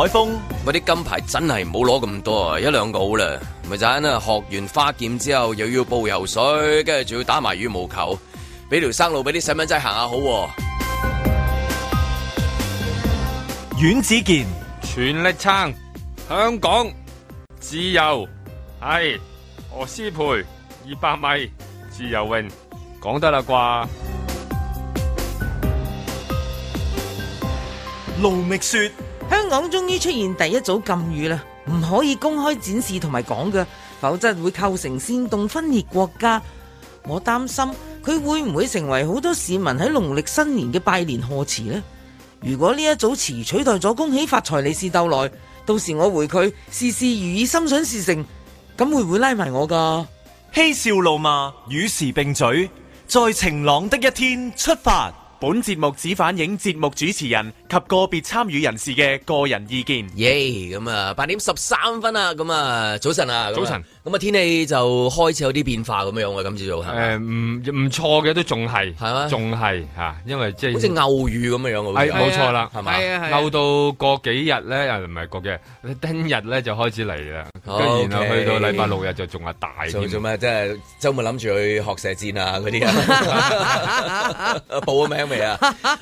海峰，我啲金牌真係唔好攞咁多啊，一兩個好啦。咪就咁啦，學完花劍之後又要報游水，跟住仲要打埋羽毛球，俾條生路俾啲細蚊仔行下好啊。阮子健全力撐，香港自由係何詩蓓二百米自由泳，講得啦啩？盧覓雪。香港終於出現第一組禁語啦，唔可以公開展示同埋講嘅，否則會構成煽動分裂國家。我擔心佢會唔會成為好多市民喺農曆新年嘅拜年賀詞呢？如果呢一組詞取代咗恭喜發財、利是逗來，到時我回佢事事如意、心想事成，咁會唔會拉埋我噶？嬉笑怒罵，與時並舉，在晴朗的一天出發。本節目只反映節目主持人及個別參與人士嘅個人意見。耶、yeah，啊，咁啊八點十三分啊，咁啊早晨啊。早晨。咁啊，天氣就開始有啲變化咁樣樣，我哋咁樣做係誒唔唔錯嘅，都仲係係啊，仲係嚇，因為即係好似偶雨咁樣樣，係冇錯啦，係咪？偶到過幾日咧，誒唔係過幾日，聽日咧就開始嚟啦，跟然後去到禮拜六日就仲係大做做咩？即係週末諗住去學射箭啊嗰啲啊，報咗名未啊？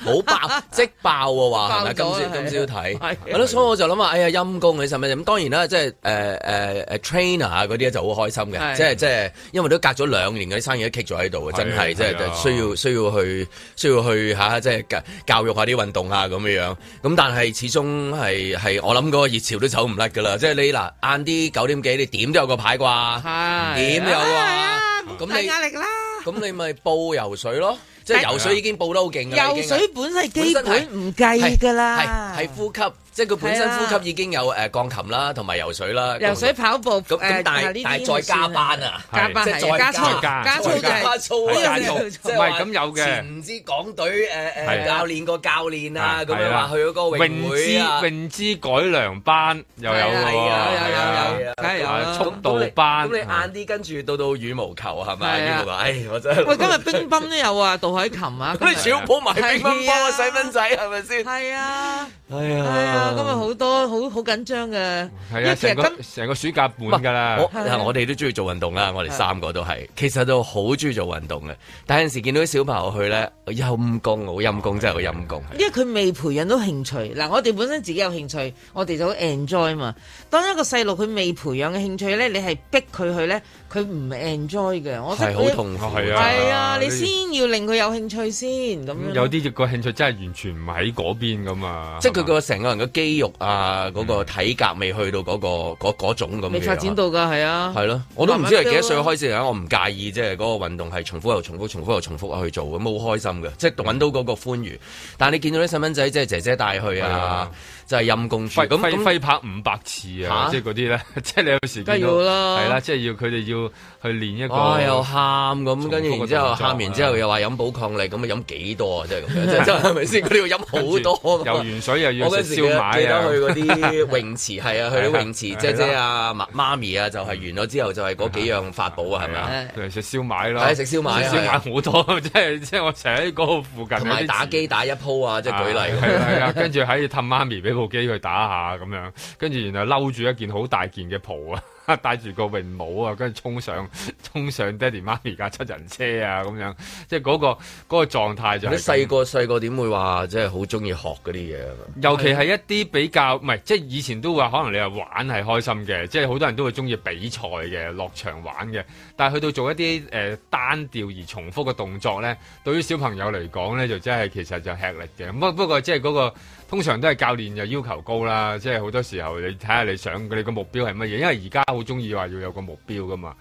冇爆即爆嘅話，今朝今朝睇，係，所以我就諗話，哎呀陰公你係咪？咁當然啦，即係誒誒誒 trainer 啊嗰啲好開心嘅，的即係即係，因為都隔咗兩年，啲生意都棘咗喺度嘅，真係，即係需要需要去需要去吓、啊，即係教育下啲運動啊咁樣樣。咁但係始終係係，我諗嗰個熱潮都走唔甩噶啦。 即係你嗱晏啲九點幾，你點都有個牌啩？點有啊？咁、啊、你壓力啦？咁 你咪報游水咯？即係游水已經步得好勁啦，游水本身係基本唔計㗎啦，係呼吸，即係佢本身呼吸已經有誒鋼琴啦，同埋游水啦，游水跑步誒，但係但係再加班啊，加班係加操加操就加操，唔係咁有嘅，唔知港隊誒誒教練個教練啊，咁你話去嗰個泳姿啊，泳姿改良班又有㗎喎，有有有啊，有速度班，咁你晏啲跟住到到羽毛球係咪？羽毛球，唉，我真係喂，今日乒乓都有啊，導。海琴啊，小寶埋乒乓波啊，細蚊仔係咪先？係啊，係啊，啊！今日好多好好緊張嘅，一成個成個暑假半噶啦。嗱，我哋都中意做運動啦，我哋三個都係，其實都好中意做運動嘅。但係有時見到啲小朋友去咧，又陰功，好陰功，真係好陰功。因為佢未培養到興趣。嗱，我哋本身自己有興趣，我哋就好 enjoy 啊嘛。當一個細路佢未培養嘅興趣咧，你係逼佢去咧。佢唔 enjoy 嘅，我覺得係好痛苦，係啊，你先要令佢有興趣先咁。有啲個興趣真係完全唔喺嗰邊㗎嘛，即係佢個成個人嘅肌肉啊，嗰個體格未去到嗰個種咁。未發展到㗎，係啊，係咯，我都唔知係幾多歲開始啦。我唔介意即係嗰個運動係重複又重複，重複又重複去做咁，好開心嘅。即係揾到嗰個歡愉。但係你見到啲細蚊仔即係姐姐帶去啊。就係陰功咁揮揮拍五百次啊！即係嗰啲咧，即係你有時，梗要啦，係啦，即係要佢哋要去練一個。哇！又喊咁，跟住然之後喊完之後又話飲補抗力，咁啊飲幾多啊？即係咁，即係係咪先？佢哋要飲好多。游完水又要食燒賣啊！記得去嗰啲泳池，係啊，去啲泳池姐姐啊、媽咪啊，就係完咗之後就係嗰幾樣法寶啊，係咪啊？食燒賣啦，係食燒賣，食燒賣好多，即係即係我成日喺嗰個附近。同埋打機打一鋪啊！即係舉例。跟住喺氹媽咪俾部機去打下咁樣，跟住然後嬲住一件好大件嘅袍啊！ 戴住個泳帽啊，跟住衝上衝上爹哋媽咪架七人車啊，咁樣，即係嗰個嗰個狀態就你細個細個點會話，即係好中意學嗰啲嘢？尤其係一啲比較唔係，即係以前都話可能你係玩係開心嘅，即係好多人都會中意比賽嘅，落場玩嘅。但係去到做一啲誒單調而重複嘅動作咧，對於小朋友嚟講咧，就真係其實就吃力嘅。咁不不過即係嗰個通常都係教練就要求高啦，即係好多時候你睇下你想佢哋個目標係乜嘢，因為而家。好中意話要有個目標噶嘛，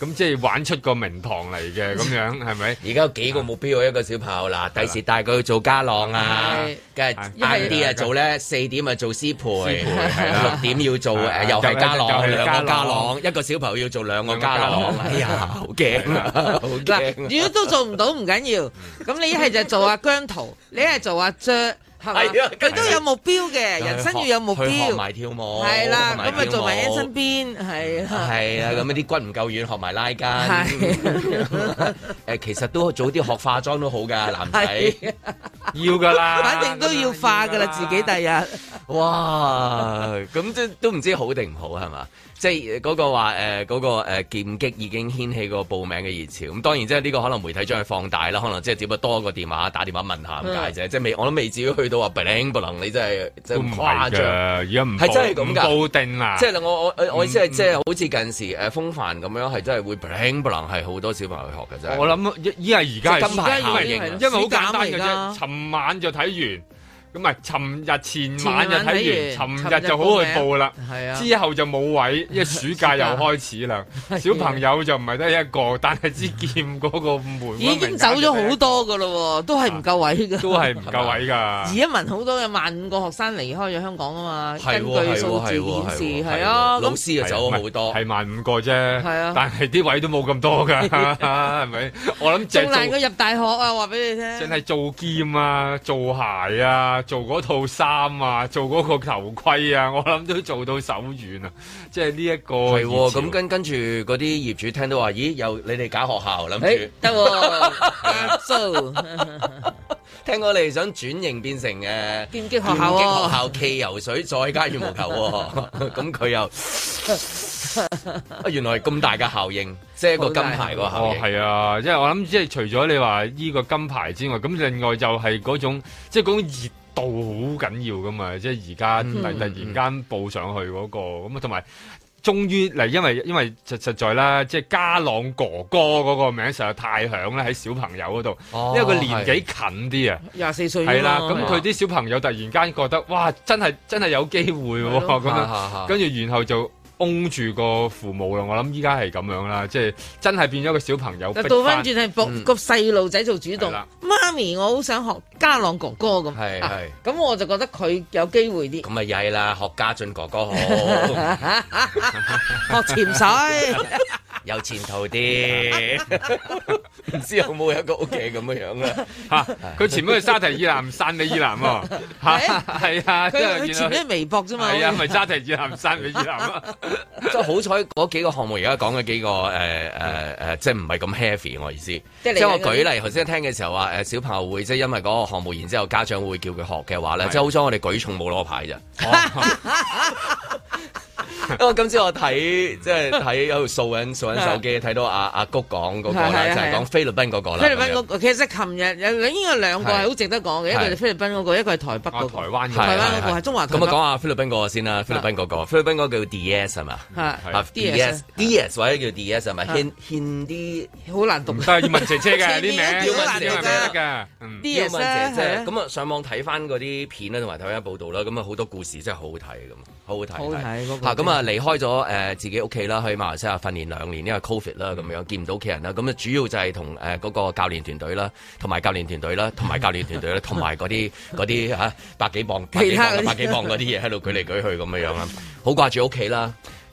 咁即係玩出個名堂嚟嘅咁樣，係咪？而家有幾個目標，一個小朋友嗱，第時帶佢去做家浪啊，跟住晏啲啊做咧四點啊做師培，六點要做誒又係家浪，兩個家浪，一個小朋友要做兩個家浪，哎呀，好驚啊，好驚！嗱，如果都做唔到唔緊要，咁你一係就做阿姜濤，你一係做阿 Jer。係啊，佢都有目標嘅，人生要有目標。學埋跳舞，係啦，咁咪做埋喺身邊，係。係啦，咁啲骨唔夠軟，學埋拉筋。係。誒，其實都早啲學化妝都好㗎，男仔。要㗎啦。反正都要化㗎啦，自己第日。哇！咁即都唔知好定唔好，係嘛？即係嗰、那個話誒嗰個誒、呃、劍擊已經掀起個報名嘅熱潮，咁當然即係呢、這個可能媒體將佢放大啦，可能即係只不過多一個電話打電話問下咁解啫，即係未我諗未至於去到話 bling bling 你真係真係誇張，而家唔係真係咁㗎，布丁啦，即係我我我意思係即係好似近時誒、啊、風帆咁樣，係真係會 bling bling 係好多小朋友去學嘅啫。真我諗依係而家金牌效應，因為好簡單嘅啫，尋晚就睇完。咁啊！尋日前晚就睇完，尋日就好去報啦。係啊，之後就冇位，因為暑假又開始啦。小朋友就唔係得一個，但係支劍嗰個門已經走咗好多噶啦，都係唔夠位噶。都係唔夠位噶。而一文好多嘅萬五個學生離開咗香港啊嘛。根據數字顯示係啊，老師又走咗好多。係萬五個啫，係啊，但係啲位都冇咁多嘅，係咪？我諗仲難過入大學啊！話俾你聽，淨係做劍啊，做鞋啊。做嗰套衫啊，做嗰個頭盔啊，我諗都做到手軟啊！即係呢一個係咁、哦、跟跟住嗰啲業主聽到話，咦？有你哋搞學校諗住得，so 聽過你哋想轉型變成誒，劍擊 學校、啊、劍擊學校氣游水再加羽毛球、啊，咁 佢 又 原來咁大嘅效應，即、就、係、是、個金牌喎吓，係啊！即、哦、係、啊、我諗，即係除咗你話呢個金牌之外，咁另外就係嗰種，即係嗰種熱。到好緊要噶嘛，即係而家突然間報上去嗰、嗰個，咁啊同埋終於嚟，因為因為實實在啦，即係家朗哥哥嗰個名實在太響咧，喺小朋友嗰度，哦、因為佢年紀近啲啊，廿四歲，係啦，咁佢啲小朋友突然間覺得哇，真係真係有機會喎、哦，咁樣跟住然後就。封住個父母啦，我諗依家係咁樣啦，即係真係變咗個小朋友。倒翻轉係個細路仔做主動，媽咪我好想學家朗哥哥咁，係係，咁我就覺得佢有機會啲。咁啊曳啦，學家俊哥哥好，學潛水有前途啲，唔知有冇一個屋企咁樣啊？吓，佢前邊係沙提以南，汕尾以南喎。吓，係啊，佢前邊微博啫嘛。係啊，咪沙提以南，汕尾以南啊。即係 好彩嗰幾個項目而家講嘅幾個誒誒誒，即係唔係咁 happy 我意思。意思即係我舉例頭先聽嘅時候話，誒、呃、小朋友會即係因為嗰個項目，然之後家長會叫佢學嘅話咧，的即係好彩我哋舉重冇攞牌咋。 我今次我睇即係睇有條數緊數緊手機，睇到阿阿谷講嗰個啦，就係講菲律賓嗰個啦。菲律賓嗰個其實琴日有已經有兩個係好值得講嘅，一個係菲律賓嗰個，一個係台北個台灣嘅台灣嗰個係中華。咁啊，講下菲律賓嗰個先啦。菲律賓嗰個菲律賓嗰個叫 DS 係嘛？DS DS 或者叫 DS 係咪？獻獻啲好難讀，但係要問齊車嘅啲名，叫問齊係咪得嘅？嗯，即係咁啊。上網睇翻嗰啲片咧，同埋睇返報道啦。咁啊，好多故事真係好好睇咁。好睇，好睇吓咁啊！離、嗯嗯、開咗誒自己屋企啦，去馬來西亞訓練兩年，因為 Covid 啦咁樣，見唔到屋企人啦。咁啊，主要就係同誒嗰個教練團隊啦，同埋教練團隊啦，同埋 教練團隊啦，同埋嗰啲啲吓百幾磅、百幾磅、百幾磅嗰啲嘢喺度舉嚟舉去咁樣樣啦，好掛住屋企啦。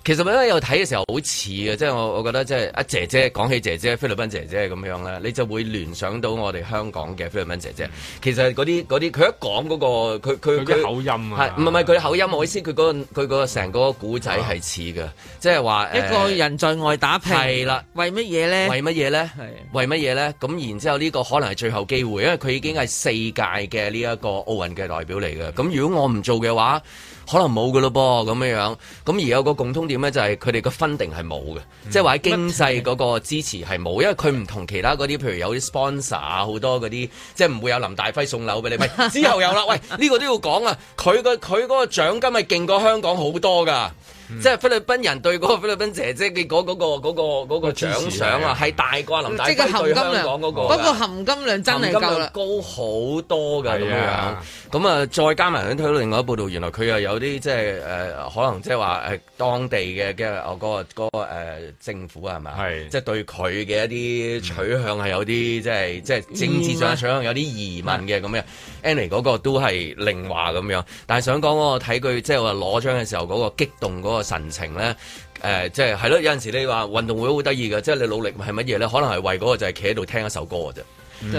其實咧，有睇嘅時候好似嘅，即係我，我覺得即係阿姐姐講起姐姐菲律賓姐姐咁樣咧，你就會聯想到我哋香港嘅菲律賓姐姐。其實嗰啲啲，佢一講嗰、嗰個，佢佢佢口音啊，唔係唔係佢口音，我意思佢嗰佢個成個古仔係似嘅，即係話一個人在外打拼係啦，的為乜嘢咧？為乜嘢咧？的為乜嘢咧？咁然之後呢個可能係最後機會，因為佢已經係世界嘅呢一個奧運嘅代表嚟嘅。咁的如果我唔做嘅話。可能冇噶咯噃，咁樣樣，咁而有個共通點咧，就係佢哋個分定係冇嘅，嗯、即係話喺經濟嗰個支持係冇，因為佢唔同其他嗰啲，譬如有啲 sponsor 啊，好多嗰啲，即係唔會有林大輝送樓俾你，咪。 之後有啦，喂，呢、呢個都要講啊，佢個佢嗰個獎金係勁過香港好多噶。嗯、即係菲律賓人對個菲律賓姐姐嘅嗰嗰個嗰、嗰個嗰、嗰個獎賞、嗰個、啊，係大過林大輝對香港嗰、嗰個嗰個含金量真係高好多㗎咁、啊、樣。咁啊，再加埋想到另外一報道，原來佢又有啲即係誒，可能即係話誒當地嘅即哦嗰個嗰、嗰個嗰個政府啊，係咪？的即係對佢嘅一啲取向係有啲即係即係政治上取向有啲疑問嘅咁嘅。Annie 嗰、嗯、個都係另話咁樣，但係想講嗰、嗰個睇佢即係話攞獎嘅時候嗰個激動嗰、嗰個神情咧，誒、呃，即係係咯，有陣時你話運動會好得意嘅，即係你努力係乜嘢咧？可能係為嗰個就係企喺度聽一首歌嘅啫。嗯、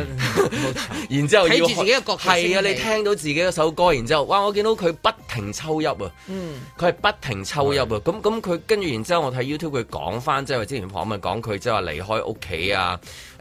然之後，睇住自己嘅角色的。係啊的，你聽到自己一首歌，然之後，哇！我見到佢不停抽泣啊，佢係、嗯、不停抽泣的啊。咁咁，佢跟住，然之後我睇 YouTube 佢講翻，即係之前訪問講佢即係話離開屋企啊。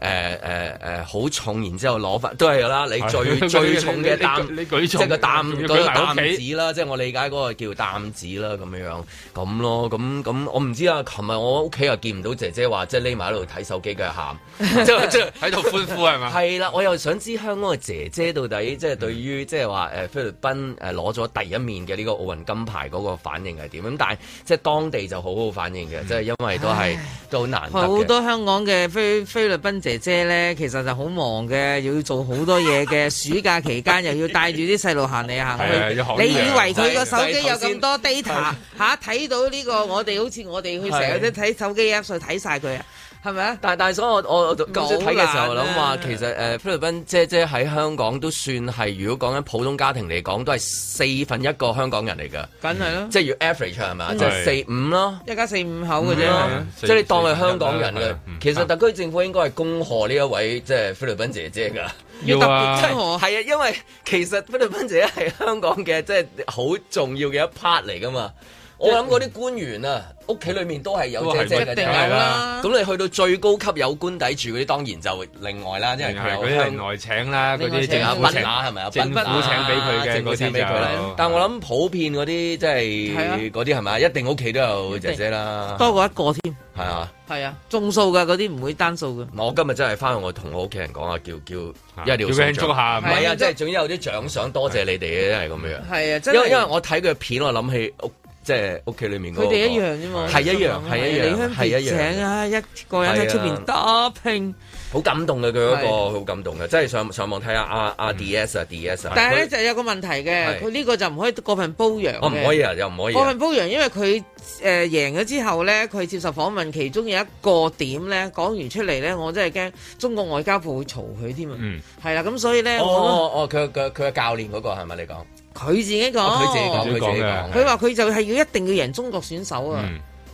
誒誒誒，好重、呃呃呃呃嗯，然之後攞翻都係啦。你最最重嘅擔，舉重，即係個擔，個擔子啦。指啦即係我理解嗰個叫擔子啦，咁樣樣咁咯。咁、嗯、咁、嗯，我唔知啊。琴日我屋企又見唔到姐姐話，即係匿埋喺度睇手機嘅喊，即係喺度歡呼係嘛？係啦， 我又想知香港嘅姐姐到底 即係對於即係話誒菲律賓誒攞咗第一面嘅呢個奧運金牌嗰個反應係點？咁但係即係當地就好好反應嘅，即係因為都係都好難。好多香港嘅菲菲律賓姐姐姐呢，其實就好忙嘅，又要做好多嘢嘅。 暑假期間又要帶住啲細路行嚟行去。 你以為佢個手機有咁多 data 吓？睇、 啊、到呢、呢個我哋好似我哋去成日都睇手機 app 所以睇晒佢啊！係咪啊？但係但所以我我睇嘅時候諗話，其實誒菲律賓姐姐喺香港都算係，如果講緊普通家庭嚟講，都係四分一個香港人嚟噶。梗係咯，即係要 average 係咪？即係四五咯，一家四五口嘅啫。即係你當係香港人嘅，其實特區政府應該係恭賀呢一位即係菲律賓姐姐㗎。要特別啊，係啊，因為其實菲律賓姐姐係香港嘅即係好重要嘅一 part 嚟㗎嘛。我諗嗰啲官員啊，屋企裏面都係有姐姐一定係啦。咁你去到最高級有官邸住嗰啲，當然就另外啦，因為佢另外請啦，嗰啲政府請，政府請俾佢嘅嗰啲就。但我諗普遍嗰啲即係嗰啲係咪一定屋企都有姐姐啦，多過一個添。係啊，係啊，眾數嘅嗰啲唔會單數嘅。我今日真係翻去我同我屋企人講啊，叫叫一定要慶祝下。唔係啊，即係總之有啲獎賞，多謝你哋啊。真係咁樣。係啊，因為因為我睇佢嘅片，我諗起即係屋企裏面嗰個，佢哋一樣啫嘛，係一樣，係一樣，係一樣。請啊，一個人喺出邊打拼，好感動嘅佢嗰個，好感動嘅。即係上上網睇下阿阿 DS 啊，DS。但係咧就有個問題嘅，佢呢個就唔可以過份褒揚。我唔可以啊，又唔可以。過份褒揚，因為佢誒贏咗之後咧，佢接受訪問，其中有一個點咧講完出嚟咧，我真係驚中國外交部會嘈佢添啊。嗯。係啦，咁所以咧，我我佢佢佢嘅教練嗰個係咪你講？佢自己講，佢自己講，佢自己講。佢話佢就係要一定要贏中國選手、嗯、啊，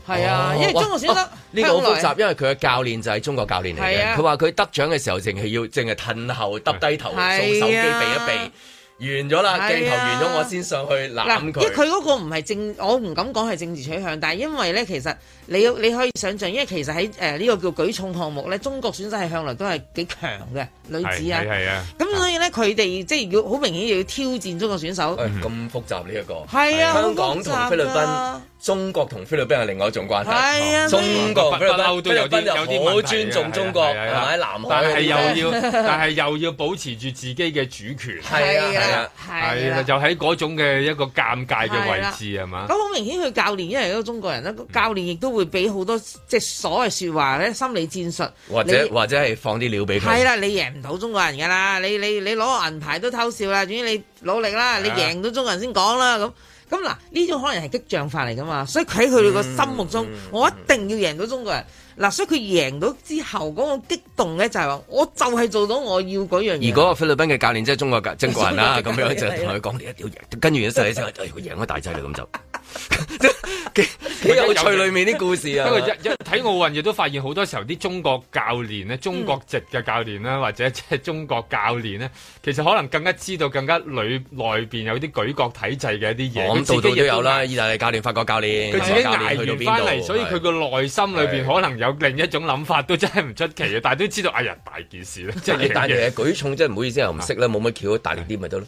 係啊、哦，因為中國選手呢個好複雜，因為佢嘅教練就係中國教練嚟嘅。佢話佢得獎嘅時候淨係要淨係褪後耷低頭掃手機避一避。完咗啦，鏡頭完咗、啊，我先上去攬佢。嗱，即係佢嗰個唔係政，我唔敢講係政治取向，但係因為咧，其實你你可以想象，因為其實喺誒呢個叫舉重項目咧，中國選手係向來都係幾強嘅女子啊，咁、啊啊、所以咧佢哋即係要好明顯要挑戰中國選手。咁、嗯、哼複雜呢、這、一個，啊啊、香港同菲律賓。中國同菲律賓係另外一種關係，中國菲律賓都有啲好尊重中國，喺南海，但係又要，但係又要保持住自己嘅主權，係啊，係啊，係啊，就喺嗰種嘅一個尷尬嘅位置係嘛？咁好明顯，佢教練因為一個中國人啦，教練亦都會俾好多即係所謂説話咧心理戰術，或者或者係放啲料俾佢。係啦，你贏唔到中國人㗎啦，你你你攞個銀牌都偷笑啦，總之你努力啦，你贏到中國人先講啦咁。咁嗱，呢種可能係激將法嚟噶嘛，所以佢喺佢哋個心目中，嗯、我一定要贏到中國人。嗱、嗯，所以佢贏到之後嗰個激動咧，就係話，我就係做到我要嗰樣嘢。而如果菲律賓嘅教練即係中國嘅中國人啦，咁樣就同佢講：你一定要贏，跟住一齊起身，哎呀，贏咗大劑啦咁就。 幾有趣裏面啲故事啊 一！因為一睇奧運，亦都發現好多時候啲中國教練咧，中國籍嘅教練啦，或者即係中國教練咧，其實可能更加知道更加裏內邊有啲舉國體制嘅一啲嘢。咁度度都有啦，意大利教練、法國教練，佢自己捱完翻嚟，所以佢個內心裏邊的可能有另一種諗法，都真係唔出奇嘅。但係都知道哎呀，大件事咧，即係 但係舉重真係唔好意思又唔識啦，冇乜橋，大力啲咪得咯。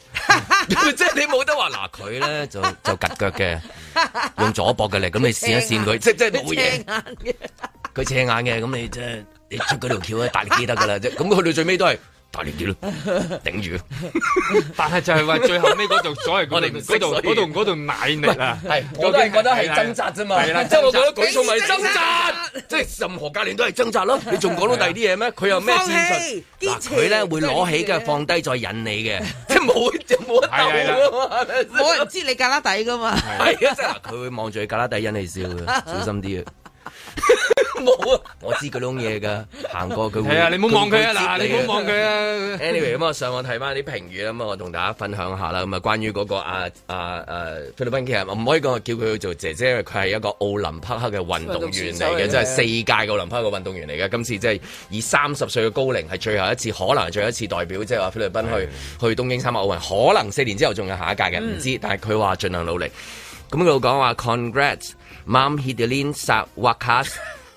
即係你冇得話，嗱佢咧就就夾腳嘅。用左膊嘅力，咁你扇一扇佢，即即係冇嘢。佢斜眼嘅，咁你即係你出嗰條橋咧，大力記得噶啦，即係咁去到最尾都係。大力啲咯，頂住。但係就係話最後尾嗰度，所謂我哋嗰度、嗰度、嗰度奶嚟啦。係，我都係覺得係掙扎啫嘛。係啦，即係我覺得舉重咪掙扎，即係任何教練都係掙扎咯。你仲講到第二啲嘢咩？佢有咩戰術？嗱，佢咧會攞起嘅放低，再引你嘅，即係冇冇得鬥噶我知你格拉底噶嘛？係啊，嗱，佢會望住你格拉底引你笑，小心啲啊！我知佢窿嘢噶，行過佢，係啊！你唔好望佢啊！嗱，你唔好望佢啊。Anyway，咁我上網睇翻啲評語啦，咁我同大家分享下啦。咁啊，關於嗰個阿阿阿菲律賓嘅人，唔可以講叫佢做姐姐，因為佢係一個奧林匹克嘅運動員嚟嘅，即係四屆奧林匹克嘅運動員嚟嘅。今次即係以三十歲嘅高齡，係最後一次，可能係最後一次代表即係話菲律賓去去東京參加奧運。可能四年之後仲有下一屆嘅，唔知。但係佢話盡量努力。咁佢講話，Congrats，Mum Hidalines，sa wakas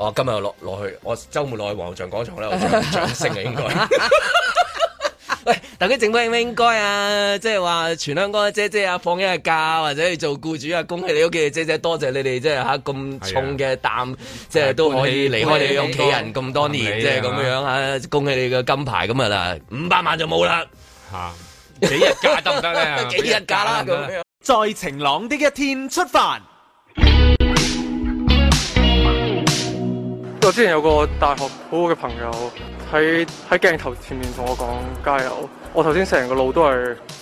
哦、今，我今日落落去，我周末落去皇后像廣場咧，我做掌聲 啊，應、就、該、是。喂，大家整唔整唔應該啊？即係話全香港嘅姐姐啊，放一日假或者做僱主啊，恭喜你屋企嘅姐姐，多謝你哋、啊啊、即係吓咁重嘅擔，即係都可以離開你屋企人咁多年，即係咁樣吓，說啊、恭喜你嘅金牌咁啊啦，五百、就是、萬就冇啦。吓幾日假得唔得咧？幾日假啦、啊？再晴朗一啲的一天出發。我之前有個大學好好嘅朋友喺喺鏡頭前面同我講加油，我頭先成個路都係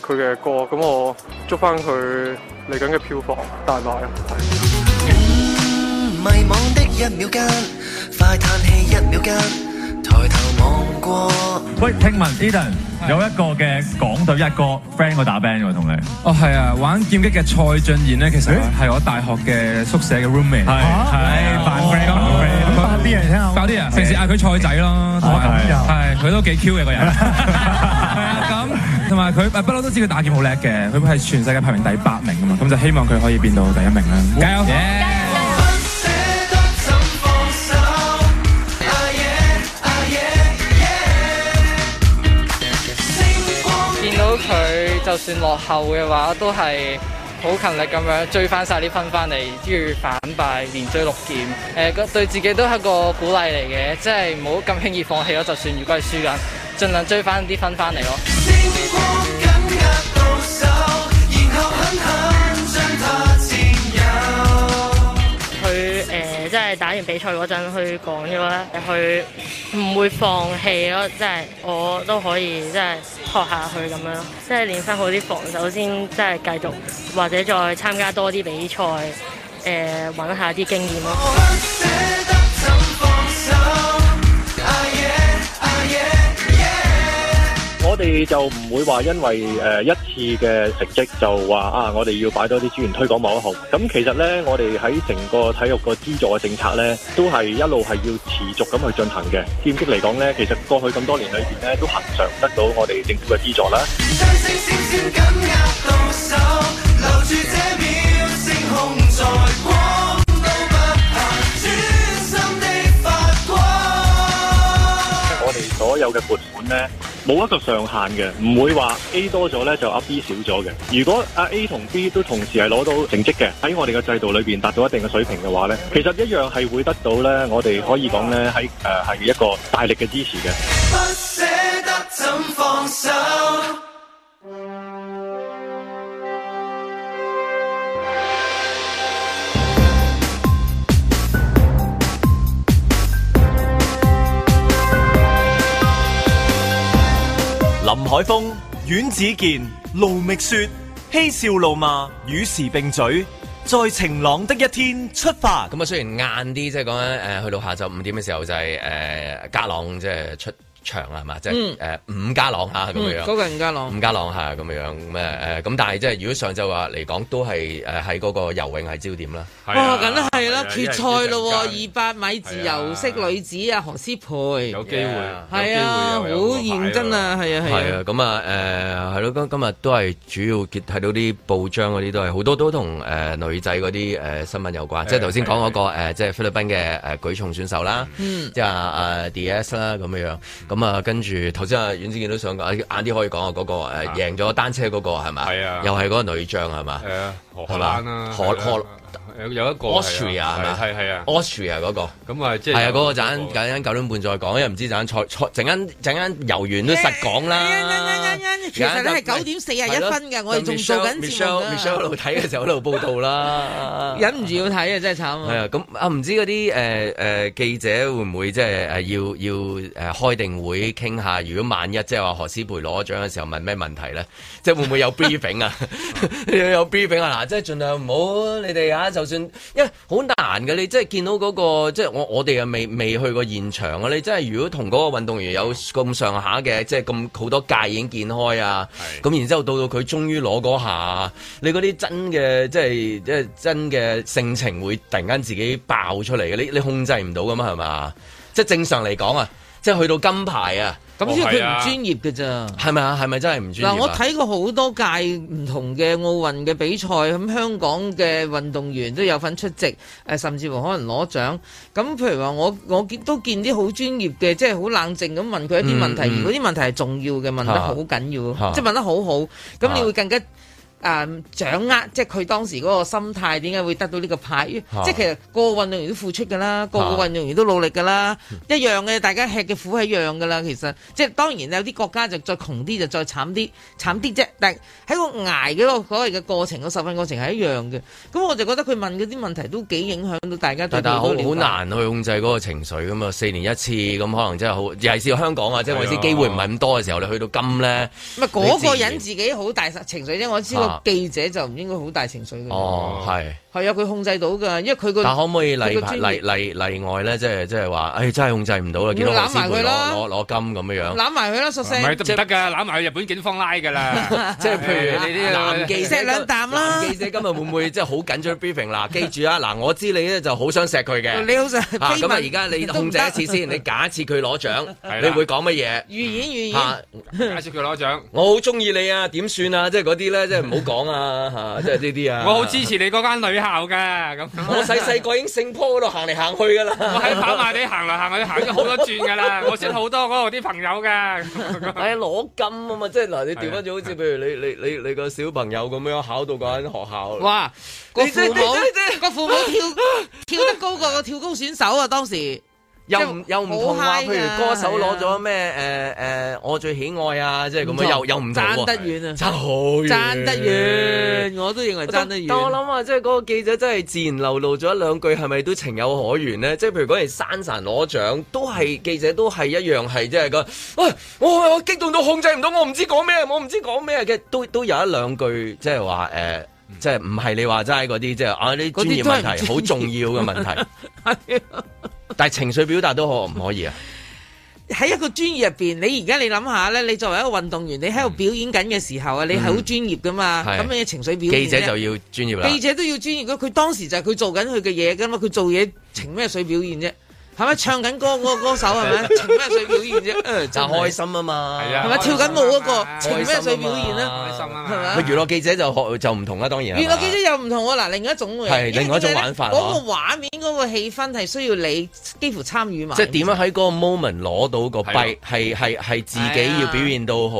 佢嘅歌，咁我捉翻佢嚟緊嘅票房大賣啊！迷茫的一秒間，快嘆氣一秒間。喂，聽聞 Eden 有一個嘅港隊一哥 friend 我打 b 兵嘅喎，同你哦係啊，玩劍擊嘅蔡俊賢咧，其實係我大學嘅宿舍嘅 roommate，係係 friend，friend，啲人聽下，搞啲人，平時嗌佢菜仔咯，係係，佢都幾 Q 嘅個人，啊，咁同埋佢不嬲都知佢打劍好叻嘅，佢係全世界排名第八名啊嘛，咁就希望佢可以變到第一名啦。加油！就算落後嘅話，都係好勤力咁樣追翻晒啲分翻嚟，跟住反敗連追六劍，誒、呃，對自己都係一個鼓勵嚟嘅，即係唔好咁輕易放棄咯。就算如果係輸緊，盡量追翻啲分翻嚟咯。 係打完比賽嗰陣去講咗咧，佢唔會放棄咯。即係我都可以，即係學下去咁樣，即係練翻好啲防守先，即係繼續或者再參加多啲比賽。誒、呃，揾下啲經驗咯。 我哋就唔會話因為誒、一次嘅成績就話啊，我哋要擺多啲資源推廣網球。咁其實咧，我哋喺成個體育個資助嘅政策咧，都係一路係要持續咁去進行嘅。劍擊嚟講咧，其實過去咁多年裏邊咧，都恒常得到我哋政府嘅資助啦。我哋所有嘅撥款咧，冇一個上限嘅，唔會話 A 多咗呢就 B 少咗嘅。如果啊 A 同 B 都同時係攞到成績嘅，喺我哋嘅制度裏邊達到一定嘅水平嘅話呢，其實一樣係會得到呢。我哋可以講呢，喺誒係一個大力嘅支持嘅。不林海峰、阮子健、盧覓雪、嬉笑怒罵與時並嘴，在晴朗的一天出發。咁啊、嗯，雖然晏啲，即係講緊誒，去到下晝五點嘅時候就係、是、誒、呃，格朗即係出。長係嘛，即係誒五家朗下咁樣，嗰個五家朗五家朗吓咁樣咁誒誒，咁但係即係如果上晝話嚟講，都係誒喺嗰個游泳係焦點啦。哇，梗啊係啦，決賽咯，二百米自由式女子啊何詩蓓，有機會係啊，好認真啊，係啊係啊，咁啊誒係咯，今今日都係主要睇到啲報章嗰啲都係好多都同誒女仔嗰啲誒新聞有關，即係頭先講嗰個誒即係菲律賓嘅誒舉重選手啦，即係啊啊 DS 啦咁樣咁。咁、嗯那個呃、啊，跟住頭先啊，阮子健都想講，晏啲可以講啊，嗰個誒贏咗單車嗰個係嘛？係啊，又係嗰個女將係嘛？係啊，何鴻燊啦，有有一個 Austria 係咪？係係啊，Austria 嗰個咁啊，即係啊嗰個陣間九點半再講，因為唔知陣間賽賽陣間陣間遊完都實講啦。其實都係九點四十一分嘅，我哋仲做緊字。Michelle，Michelle 喺度睇嘅時候喺度報道啦，忍唔住要睇啊，真係慘。係啊，咁啊唔知嗰啲誒誒記者會唔會即係誒要要誒開定會傾下？如果萬一即係話何詩蓓攞獎嘅時候問咩問題咧，即係會唔會有 briefing 啊？有 briefing 啊？嗱，即係儘量唔好你哋啊就。因為好難嘅，你即係見到嗰個，即係我我哋又未未去過現場啊，你真係如果同嗰個運動員有咁上下嘅，即係咁好多界已經見開啊，咁是的 然之後到到佢終於攞嗰下，你嗰啲真嘅，即係即係真嘅性情會突然間自己爆出嚟嘅，你你控制唔到噶嘛，係嘛？即係正常嚟講啊，即係去到金牌啊！咁即係佢唔專業嘅咋，係咪啊？係咪真係唔專業？嗱，我睇過好多屆唔同嘅奧運嘅比賽，咁香港嘅運動員都有份出席，誒，甚至乎可能攞獎。咁譬如話，我我見都見啲好專業嘅，即係好冷靜咁問佢一啲問題。如果啲問題係重要嘅，問得好緊要，啊、即係問得好好，咁你會更加。誒，掌握即係佢當時嗰個心態點解會得到呢個牌？ 即係其實個個運動員都付出㗎啦，個個運動員都努力㗎啦， 一樣嘅，大家吃嘅苦係一樣㗎啦。其實即係當然有啲國家就再窮啲就再慘啲，慘啲啫。但係喺、嗰個捱嘅個所謂嘅過程、嗰個受訓過程係一樣嘅。咁我就覺得佢問嗰啲問題都幾影響到大家，但但。但係但好難去控制嗰個情緒㗎嘛，四年一次咁可能真係好，尤其是香港啊，即係嗰啲機會唔係咁多嘅時候，你去到金咧，咪嗰 自個人自己好大情緒啫，我知道。 記者就唔應該好大情緒嘅。哦，係。係啊，佢控制到噶，因為佢個但可唔可以例例例例外咧？即係即係話，唉，真係控制唔到啦！見到老師傅攞攞攞金咁樣樣，攬埋佢啦，索性唔得噶，攬埋去日本警方拉噶啦，即係譬如你啲男記者兩啖啦。記者今日會唔會即係好緊張 briefing？嗱，記住啊，嗱，我知你咧就好想錫佢嘅。你好想咁啊！而家你控制一次先，你假設佢攞獎，你會講乜嘢？預演預演，假設佢攞獎，我好中意你啊！點算啊？即係嗰啲咧，即係唔好講啊！即係呢啲啊！我好支持你嗰間女。校噶咁， 我細細個已經聖坡嗰度行嚟行去噶啦，我喺跑馬地行嚟行去行咗好多轉噶啦，我識好多嗰度啲朋友噶，係攞金啊嘛，即係嗱，你調翻咗，好似譬如你你你你個小朋友咁樣考到嗰間學校，哇，個父母個父母跳 跳得高過個跳高選手啊，當時。又又唔同話、啊，譬如，歌手攞咗咩，誒誒，我最喜愛啊，即係咁錯啊，又又唔同喎，爭得遠啊，爭好遠，爭得遠，我都認為爭得遠。但我諗啊，即係嗰個記者真係自然流露咗一兩句，係咪都情有可原呢？即係譬如嗰日山神攞獎，都係記者都係一樣係，即係個，喂，哎，我我，我激動到控制唔到，我唔知講咩，我唔知講咩嘅，都都有一兩句，即係話誒，即係唔係你話齋嗰啲，即係啊啲專業問題，好 重要嘅問題，係 但係情緒表達都可唔可以啊？喺 一個專業入邊，你而家你諗下咧，你作為一個運動員，你喺度表演緊嘅時候啊，嗯、你係好專業噶嘛？咁你嘅、嗯、情緒表？記者就要專業啦。記者都要專業，佢當時就係佢做緊佢嘅嘢噶嘛，佢做嘢情咩水表現啫？係咪唱緊歌嗰個歌手係咪？情咩水表現啫？就開心啊嘛！係咪跳緊舞嗰個情咩水表現咧？開心啊嘛！係咪？娛樂記者就就唔同啦，當然啦。娛樂記者又唔同喎，嗱，另一種係另一種玩法。嗰個畫面、嗰個氣氛係需要你幾乎參與埋。即係點樣喺嗰個 moment 攞到個幣，係係係自己要表現到好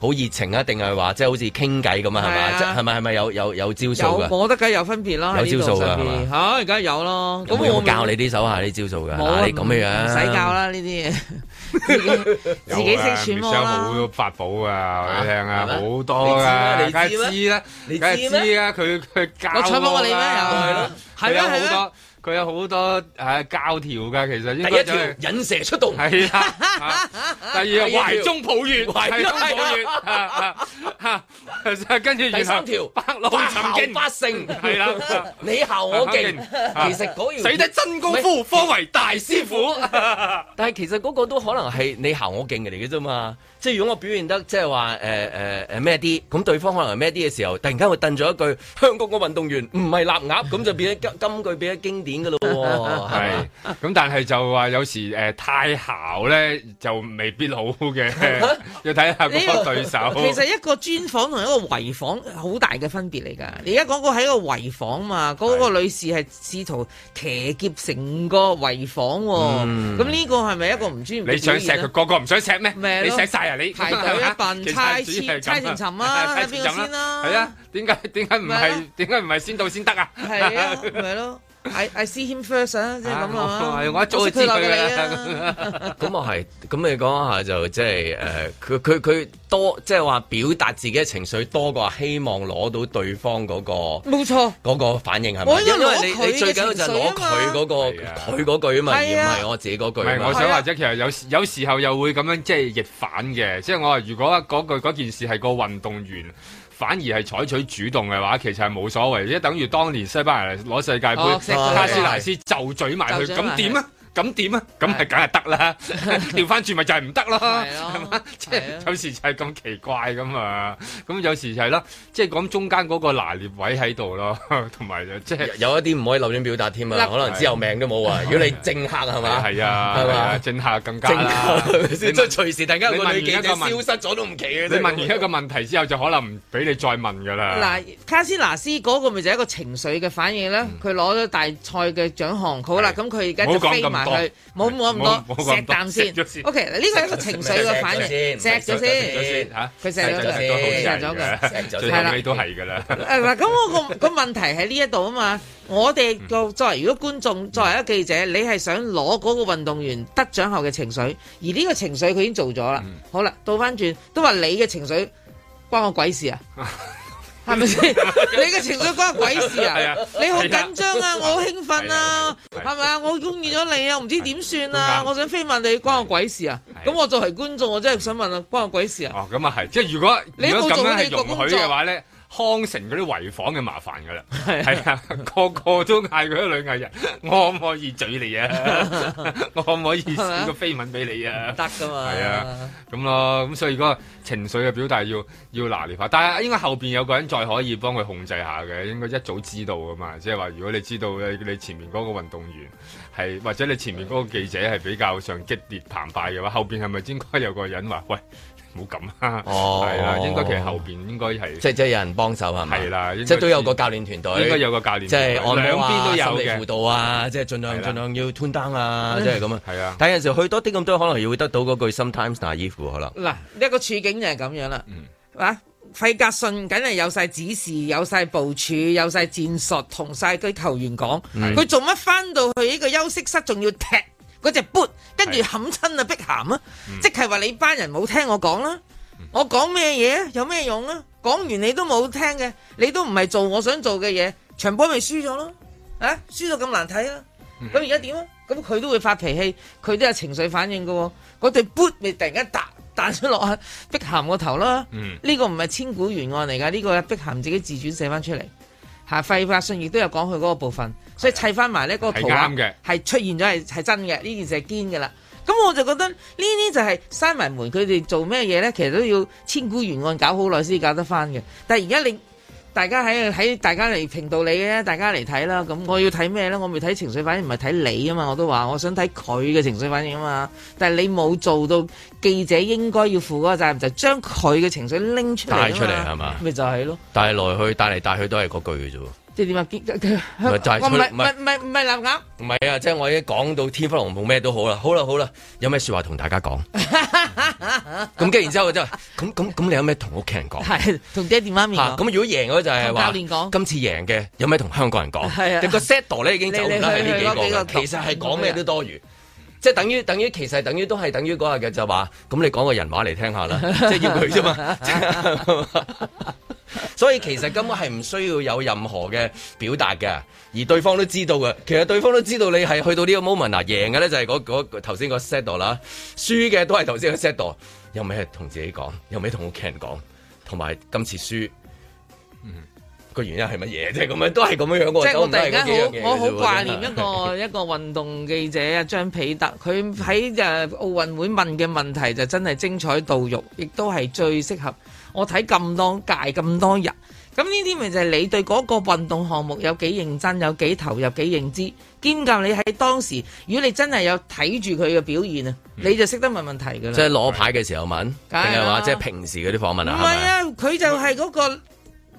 好熱情啊？定係話即係好似傾偈咁啊？係咪啊？係咪係咪有有有招數㗎？有我覺得梗係有分別啦，喺呢度分別嚇，梗係有咯。咁我教你啲手下啲招數㗎。咁嘅樣，唔使教啦呢啲嘢， 自己識選喎。有好法寶啊，你聽啊，好多啊。你知咩？梗知啦。你知咩？梗知啦。你知咩？佢佢教我採訪過你咩？又係有。咯，係咩？好多。佢有好多誒、啊、教條噶，其實呢就係、條引蛇出洞，係啦、啊；第二懷中抱月，懷中抱月；喂啊、 跟住第三條百老尋經八百勝，係啦。 啊、你後我勁，嗯、其實嗰樣死得真功夫方為大師傅。 但係其實嗰個都可能係你後我勁嚟嘅啫嘛。即係如果我表現得即係話誒誒誒咩啲，咁、呃呃、對方可能咩啲嘅時候，突然間佢掟咗一句香港個運動員唔係臘鴨，咁就變咗金句，變咗經典嘅咯喎。係 吧，咁但係就話有時誒太姣咧，就未必好嘅，要睇下個對手。其實一個專訪同一個圍訪好大嘅分別嚟㗎。你而家講過係一個圍訪嘛，嗰、那個女士係試圖騎劫成個圍訪喎。咁呢個係咪一個唔專？你想錫佢個個唔想錫咩？你錫晒。 係你排第一份，猜拳，猜拳尋啊， 猜邊個先啦？係啊，點解點解唔係？點解唔係？先到先得啊？係啊，咪咯。 I see him first 啊，即係咁啊嘛，我早就知佢咁我係，咁你講下就即係誒，佢佢佢多即係話表達自己嘅情緒多過希望攞到對方嗰個，冇錯，嗰個反應係咪？因為你你最緊要就係攞佢嗰個，佢嗰句嘛而唔係我自己嗰句。唔係我想話即係其實有有時候又會咁樣即係逆反嘅，即係我話如果講句嗰件事係個運動員。反而係採取主動嘅話，其實係冇所謂，即等於當年西班牙攞世界盃，卡斯納斯就咀埋佢，咁點 啊？咁點啊？咁係梗係得啦，調翻轉咪就係唔得咯。係咯，即係有時就係咁奇怪咁啊！咁有時就係咯，即係講中間嗰個拿捏位喺度咯，同埋就，即係有一啲唔可以流暢表達添啊！可能只有命都冇啊！如果你政客係嘛？係啊，係政客更加啦。即係隨時大家個女記者消失咗都唔奇啊！你問完一個問題之後，就可能唔俾你再問噶啦。嗱，卡斯拿斯嗰個咪就係一個情緒嘅反應咧。佢攞咗大賽嘅獎項，好啦，咁佢而家佢冇摸咁多錫啖先，OK，呢個係一個情緒嘅反應，錫咗先嚇，佢錫咗佢，錫咗佢，係啦，都係㗎啦。誒嗱，咁我個個問題喺呢一度啊嘛，我哋個作為如果觀眾，作為一個記者，你係想攞嗰個運動員得獎後嘅情緒，而呢個情緒佢已經做咗啦。好啦，倒翻轉都話你嘅情緒關我鬼事啊！係咪先？ 你嘅情緒關我鬼事啊！你好緊張啊，我好興奮啊，係咪啊？我好中意咗你啊，唔知點算啊？我想飛吻你，關我鬼事啊！咁我作為觀眾，我真係想問啊，關我鬼事啊！哦，咁啊係，即係如果你冇做好你個工作嘅話咧。康城嗰啲圍訪嘅麻煩噶啦，係啊， 個個都嗌佢女藝人，我可唔可以嘴你啊？ 我可唔可以送個飛吻俾你啊？得噶嘛？係啊，咁咯，咁所以嗰個情緒嘅表達要要拿捏下。但係應該後邊有個人再可以幫佢控制下嘅，應該一早知道噶嘛。即係話如果你知道你前面嗰個運動員係或者你前面嗰個記者係比較上激烈澎湃嘅話，後邊係咪應該有個人話喂？冇咁哦，係啦，應該其實後邊應該係即即有人幫手係咪？係啦，即都有個教練團隊，應該有個教練，即係我兩邊都有心理輔導啊，即係儘量儘量要 turn down 啊，即係咁啊。係啊，但有陣時去多啲咁多，可能要得到嗰句 sometimes，naive 可能。嗱，一個處境就係咁樣啦。嗯，哇，費格遜梗係有晒指示，有晒部署，有晒戰術，同晒啲球員講，佢做乜翻到去呢個休息室仲要踢？嗰隻 boot 跟住冚親啊碧咸啊，嗯、即係話你班人冇聽我講啦，嗯、我講咩嘢啊有咩用啊？講完你都冇聽嘅，你都唔係做我想做嘅嘢，場波咪輸咗咯？啊，輸到咁難睇啊！咁而家點啊？咁佢都會發脾氣，佢都有情緒反應嘅喎、哦。嗰對 boot 咪突然間彈彈出落去碧咸頭、嗯、個頭啦？呢個唔係千古懸案嚟㗎，呢、呢個係碧咸自己自傳寫翻出嚟。啊，費法、啊、信亦都有講佢嗰個部分，的所以砌翻埋咧嗰個圖案係出現咗係係真嘅，呢件事係堅嘅啦。咁我就覺得呢啲就係閂埋門，佢哋做咩嘢咧？其實都要千古懸案，搞好耐先搞得翻嘅。但係而家你。大家喺睇大家嚟評道理嘅，大家嚟睇啦。咁我要睇咩咧？我未睇情緒反應，唔係睇你啊嘛。我都話我想睇佢嘅情緒反應啊嘛。但係你冇做到記者應該要負嗰個責任，就將佢嘅情緒拎出嚟帶出嚟係嘛？咪就係咯，帶來去帶嚟帶去都係嗰句嘅啫。即係點啊？唔係就係，唔係唔係唔係藍牙。唔係啊！即係我已經講到《天花龍鳳》咩都好啦。好啦好啦，有咩說話同大家講？咁跟住然之後就咁咁咁，你有咩同屋企人講？係同爹哋媽咪。咁如果贏咧就係話，教練講今次贏嘅有咩同香港人講？係啊。個 set 咧已經走唔得係呢幾個噶，其實係講咩都多餘。即係等於等於其實等於都係等於嗰日嘅就話，咁你講個人話嚟聽下啦，即係要佢啫嘛。 所以其實根本係唔需要有任何嘅表達嘅，而對方都知道嘅。其實對方都知道你係去到呢個 moment 嗱、啊，贏嘅咧就係嗰嗰頭先個 set 啦，輸嘅都係頭先個 set。又唔係同自己講，又唔同屋企人講，同埋今次輸，個、嗯、原因係乜嘢啫？咁樣都係咁樣樣，即係我突然間我好掛念一個 一個運動記者啊，張彼得，佢喺誒奧運會問嘅問題 就真係精彩度肉，亦都係最適合。我睇咁多屆咁多日，咁呢啲咪就係你對嗰個運動項目有幾認真，有幾投入，幾認知，兼夾你喺當時，如果你真係有睇住佢嘅表現啊，嗯、你就識得問問題噶啦。即係攞牌嘅時候問，定係話即係平時嗰啲訪問啊？唔係啊，佢就係嗰個。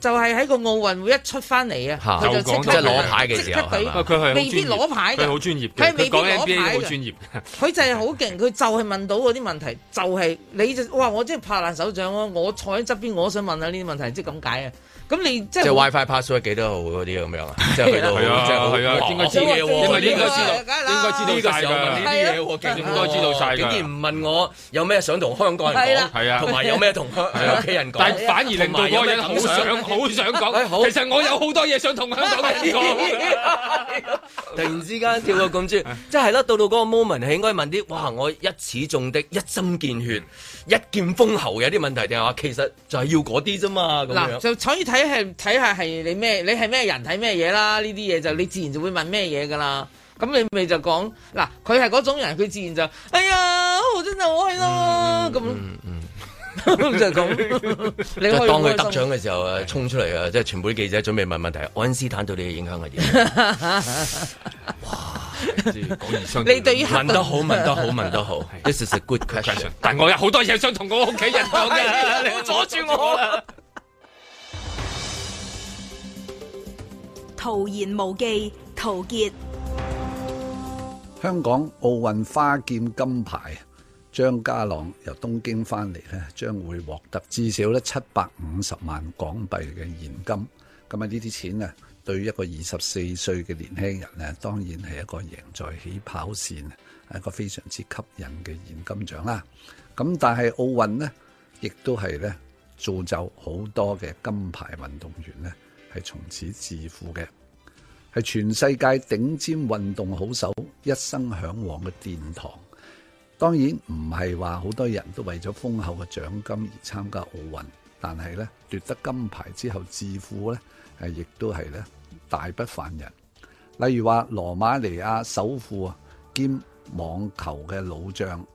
就係喺個奧運會一出翻嚟啊，佢就即刻攞牌嘅時候，佢係好專業嘅，佢係未必攞牌嘅，佢好專業，佢就係好勁，佢就係問到嗰啲問題，就係你就哇，我真係拍爛手掌咯，我坐喺側邊，我想問下呢啲問題，即係咁解啊，咁你即係 WiFi password 幾多號嗰啲咁樣啊？即係去到啊，應該知嘅喎，應該知道，應該知道曬㗎，呢啲嘢喎，應該知道晒㗎。竟然唔問我有咩想同香港人講，同埋有咩同屋企人講，但反而令到嗰日好想。好想講，其實我有好多嘢想同香港人講。 突然之間跳、就是、到咁豬，即係啦，到到嗰個 moment 係應該問啲哇，我一矢中的，一針見血，一劍封喉有啲問題定係話其實就係要嗰啲啫嘛。嗱，就所以睇係睇下係你咩，你係咩人睇咩嘢啦？呢啲嘢就你自然就會問咩嘢㗎啦。咁你咪就講嗱，佢係嗰種人，佢自然就哎呀，好真係愛啦咁。就咁。就當佢得獎嘅時候，誒，衝出嚟啊！即係全部啲記者準備問問題：愛因斯坦對你嘅影響係點？哇！講而雙，問得好，問得好，問得好，This is a good question。但係我有好多嘢想同我屋企人講嘅，你唔好阻住我啦！陶言無忌，陶傑。香港奧運花劍金牌張家朗由東京翻嚟咧，將會獲得至少咧七百五十萬港幣嘅現金。咁啊，呢啲錢啊，對一個二十四歲嘅年輕人咧，當然係一個贏在起跑線，係一個非常之吸引嘅現金獎啦。咁但係奧運呢，亦都係咧造就好多嘅金牌運動員呢，係從此致富嘅，係全世界頂尖運動好手一生嚮往嘅殿堂。當然唔係話好多人都為咗豐厚嘅獎金而參加奧運，但係咧奪得金牌之後致富咧，誒亦都係咧大不乏人。例如話羅馬尼亞首富兼網球嘅老將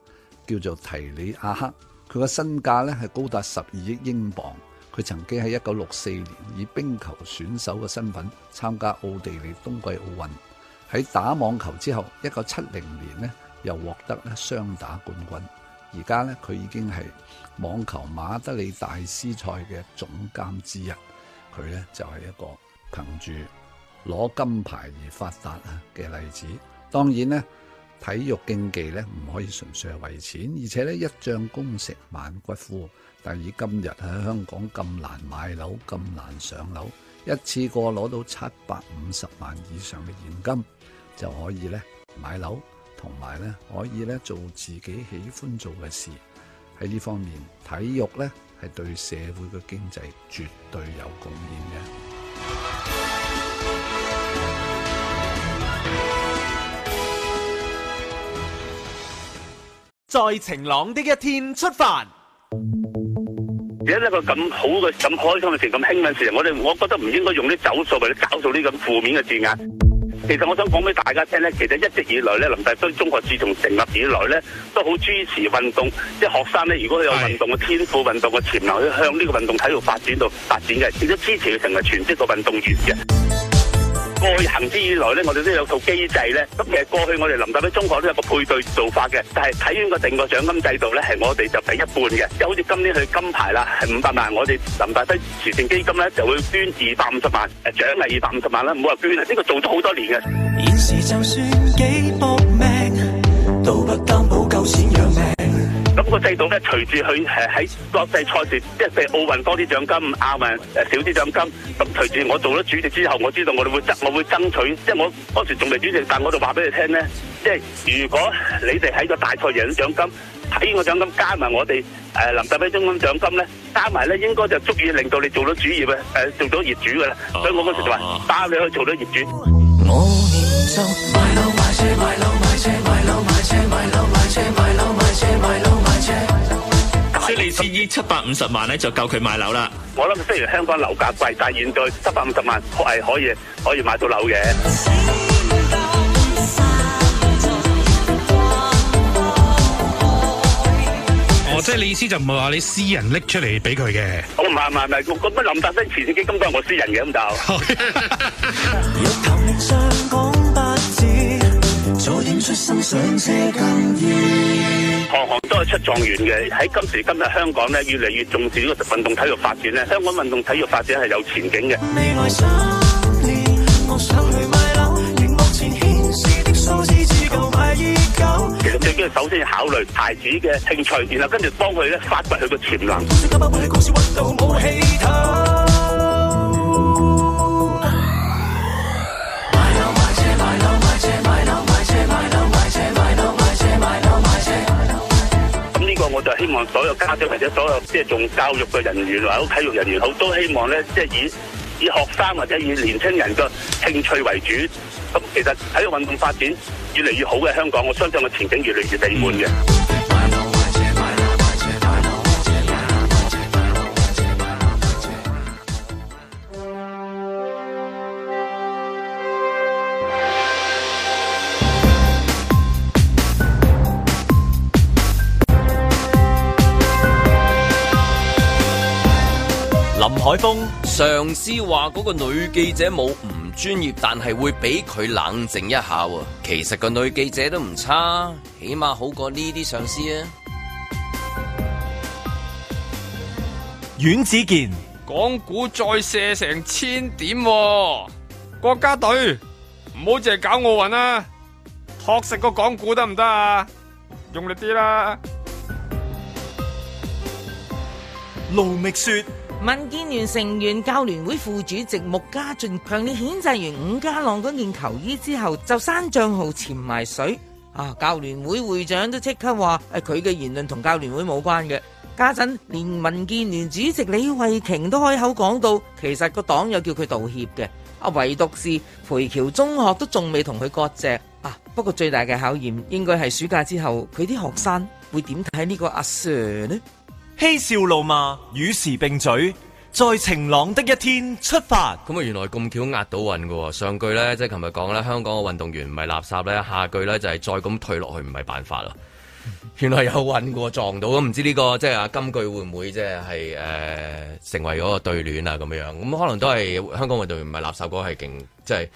叫做提里亞克，佢個身價咧係高達十二億英鎊。佢曾經喺一九六四年以冰球選手嘅身份參加奧地利冬季奧運，喺打網球之後，一九七零年呢。又獲得咧雙打冠軍，而家咧佢已經係網球馬德里大師賽嘅總監之一。佢咧就係一個憑住攞金牌而發達啊嘅例子。當然咧，體育競技咧唔可以純粹係為錢，而且咧一將功成萬骨枯。但以今日喺香港咁難買樓、咁難上樓，一次過攞到七百五十萬以上嘅現金就可以咧買樓。同埋咧，可以咧做自己喜歡做嘅事。喺呢方面，體育咧係對社會嘅經濟絕對有貢獻嘅。在晴朗的一天出發。而家 一個咁好嘅、咁開心嘅事、咁輕鬆嘅事，我哋我覺得唔應該用啲走數或者搞到啲咁負面嘅字眼。其實我想講俾大家聽咧，其實一直以來咧，林大斌中學自從成立以來咧，都好支持運動，即係學生咧，如果佢有運動嘅天賦，運動嘅潛能，去向呢個運動體育發展度發展嘅，亦都支持佢成為全職嘅運動員嘅。過去行之以來咧，我哋都有套機制咧。咁其實過去我哋林百欣中學都有個配對做法嘅，但係睇完個定個獎金制度咧，係我哋就俾一半嘅。即係好似今年去金牌啦，係五百萬，我哋林百欣慈善基金咧就會捐二百五十萬誒獎勵二百五十萬啦，唔好話捐啊，呢、這個做咗好多年嘅。現時就算幾搏命。都不咁個制度咧，隨住佢誒喺國際賽事，即係對奧運多啲獎金，亞運誒少啲獎金。咁隨住我做咗主席之後，我知道我哋會爭，我會爭取。即係我當時仲未主席，但我就話俾你聽咧，即係如果你哋喺個大賽贏獎金，喺個獎金加埋我哋誒林百欣中心獎金咧，加埋咧、呃、應該就足以令到你做到主業誒、呃，做到業主噶啦。所以我嗰時就話包、uh uh。你去做到業主。嗯嗯、即係你千二七百五十萬咧就夠佢買樓啦。我諗、嗯、雖然香港樓價貴，但係現在七百五十萬係、哎、可以可以買到樓嘅。哦，即係你意思就唔係話你私人拎出嚟俾佢嘅。我唔係唔係唔係，咁乜林達輝慈善基金都係我私人嘅咁就。出狀元嘅。喺今時今日香港呢，越嚟越重視呢個運動體育發展呢，香港運動體育發展係有前景嘅。未來三年我想去買樓，目前顯示嘅數字夠買未？其實最緊要首先要考慮孩子嘅興趣，然後跟住幫佢咧發掘佢嘅潛能。嗯我就希望所有家長或者所有即係做教育嘅人員，或者體育人員好都希望咧，即係以以學生或者以年輕人嘅興趣為主。咁其實體育運動發展越嚟越好嘅香港，我相信個前景越嚟越美滿嘅。海峰上司話嗰個女記者冇唔專業，但係會俾佢冷靜一下。其實個女記者都唔差，起碼好過呢啲上司啊！阮子健，港股再射成千點啊，國家隊唔好淨係搞奧運啊！學識個港股得唔得啊？用力啲啦！盧覓雪。民建聯成員、教聯會副主席穆家俊強烈譴責完伍家朗嗰件球衣之後，就刪賬號潛埋水。啊，教聯會會長都即刻話：誒、啊，佢嘅言論同教聯會冇關嘅。家陣連民建聯主席李慧瓊都開口講到，其實個黨友叫佢道歉嘅。啊，唯獨是培僑中學都仲未同佢割席。啊，不過最大嘅考驗應該係暑假之後，佢啲學生會點睇呢個阿 Sir 呢？嬉笑怒罵，與時並嘴。在晴朗的一天出發。咁啊，原來咁巧壓到運嘅。上句呢，即係琴日講咧，香港嘅運動員唔係垃圾咧。下句咧，就係、是、再咁退落去唔係辦法咯。原來有運過，撞到唔知呢個即係啊金句會唔會即係誒成為嗰個對聯啊咁樣樣咁可能都係香港樂隊唔係垃圾歌係勁，即係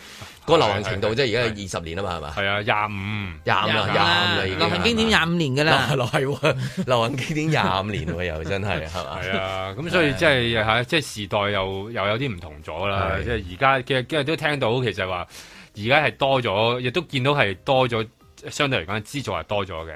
個流行程度即係而家係二十年啊嘛，係嘛？係啊，廿五廿廿五流行經典廿五年嘅啦。係流行經典廿五年喎，又真係係嘛？係啊，咁所以即係吓，即係時代又又有啲唔同咗啦。即係而家其實今日都聽到，其實話而家係多咗，亦都見到係多咗。相對嚟講，資助係多咗嘅。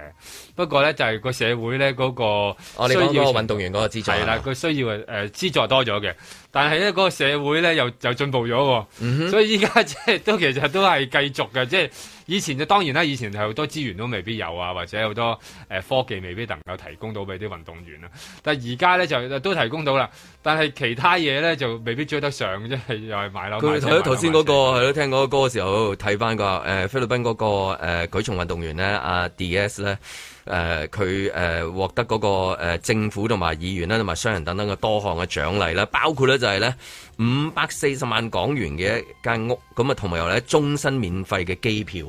不過咧，就係個社會咧，嗰個哦，你講嗰個運動員嗰個資助係啦，佢需要誒資助多咗嘅。但係咧，個社會咧又又進步咗喎、哦。嗯哼，所以依家即係都其實都係繼續嘅，即係。以前就當然啦，以前係好多資源都未必有啊，或者好多誒、呃、科技未必能夠提供到俾啲運動員啦。但係而家咧就都提供到啦，但係其他嘢咧就未必追得上，即係又係買樓買車。佢頭頭先嗰個係咯，是聽嗰個歌嘅時候睇翻、那個誒、呃、菲律賓嗰、那個誒、呃、舉重運動員咧，阿 D S 咧，誒佢誒獲得嗰、那個、呃、政府同埋議員啦，同埋商人等等嘅多項嘅獎勵啦，包括咧就係、是、咧。就是呢五百四十萬港元嘅一間屋，咁啊，同埋又咧終身免費嘅機票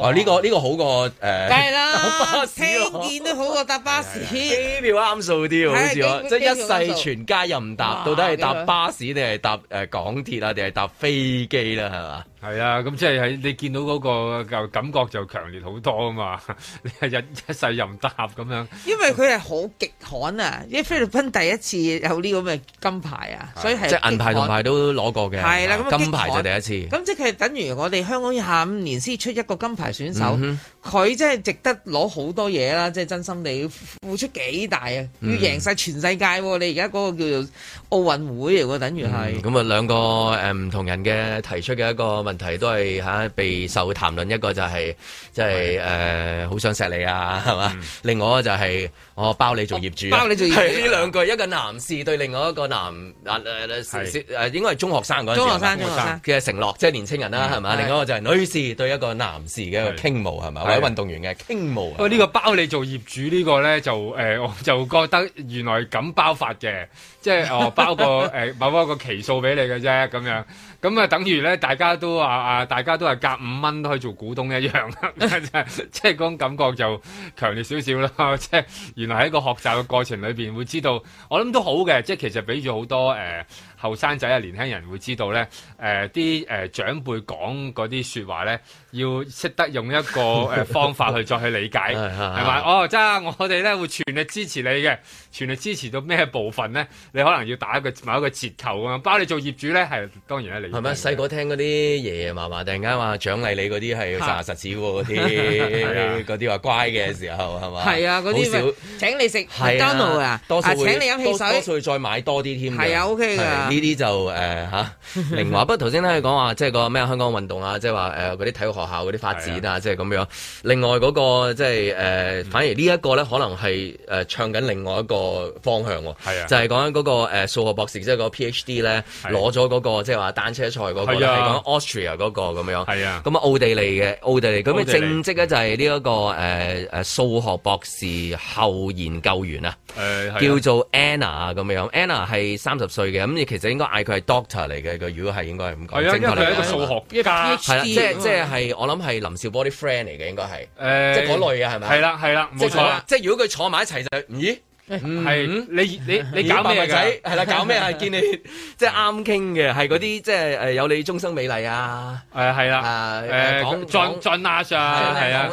啊！呢個呢個好過誒，梗係啦，搭巴士咯，聽見都好過搭巴士。機票啱數啲喎，好似即係一世全家任搭，到底係搭巴士定係搭誒港鐵啊，定係搭飛機啦，係嘛？係啊，咁即係喺你見到嗰個感覺就強烈好多啊嘛！你係一一世任搭咁樣，因為佢係好極罕啊，因為菲律賓第一次有呢個咁嘅金牌啊，所以係即係銀牌。金牌都攞過嘅，係啦的，金牌就第一次。咁即係等於我哋香港廿五年先出一個金牌選手，佢、嗯、哼真係值得攞好多嘢啦！即係真心地付出幾大啊，要贏晒全世界。嗯、你而家嗰個叫做奧運會嚟喎，等於係。咁啊、嗯，兩個誒唔同人嘅提出嘅一個問題都係嚇，備、啊、受談論。一個就係即係誒，好、就是的呃、想錫你啊，係嘛？嗯、另外一個就係、是。我包你做業主，包你做業主呢，兩句，一個男士對另外一個男男誒誒士應該係中學生嗰陣時，中學生嘅承諾，即係年青人啦，係咪？另一個就係女士對一個男士嘅傾慕，係咪？或者運動員嘅傾慕。不過呢個包你做業主呢個咧，就誒，我就覺得原來咁包法嘅，即係哦，包個誒，包一個期數俾你嘅啫，咁樣咁啊，等於咧，大家都話啊，大家都係夾五蚊都可以做股東一樣，即係嗰種感覺就強烈少少啦，即係。喺一個學習嘅過程裏邊，會知道我諗都好嘅，即係其實俾咗好多誒。呃後生仔啊，年輕人會知道咧，誒啲誒長輩講嗰啲説話咧，要識得用一個誒方法去再去理解，係咪？哦，真係我哋咧會全力支持你嘅，全力支持到咩部分咧？你可能要打個某一個折扣啊，包你做業主咧係當然係你。係咪細個聽嗰啲爺爺嫲嫲突然間話獎勵你嗰啲係實實子喎？嗰啲嗰啲話乖嘅時候係嘛？係啊，嗰啲請你食麥當勞啊，多數請你飲汽水，多數再買多啲添。係啊，OK 噶。呢啲就誒吓、呃，另外不過頭先聽你講話，即係個咩香港運動啊，即係話誒啲體育學校啲發展啊，是啊即係咁樣。另外、個即係誒、呃、反而呢一個咧，可能係誒、呃、唱緊另外一個方向係啊，是啊就係講緊個誒數、呃、學博士，即係個 PhD 咧攞咗個即係話單車賽、個，是啊個，係講 Austria 個個咁樣。係是啊，咁啊奧地利嘅奧地利咁嘅正職咧就係呢一個誒誒數學博士後研究員啊，叫做 Anna 咁樣 Anna 係三十歲嘅，咁其就應該嗌佢係 Doctor 嚟嘅，佢如果係應該係咁講正確嚟講，因為佢係一個數學一家。係啦，PhD, 這樣 即係即係係，我諗係林兆波啲 friend 嚟嘅，應該係。誒、欸，即係嗰類嘅係咪？係啦係啦，冇錯。即係如果佢坐埋一齊就咦？係你你你搞咩嘅？係啦，搞咩啊？見你即係啱傾嘅，係嗰啲即係誒，有你終生美麗啊！誒係啦，誒講 Jun Jun 阿 Sir 係啊，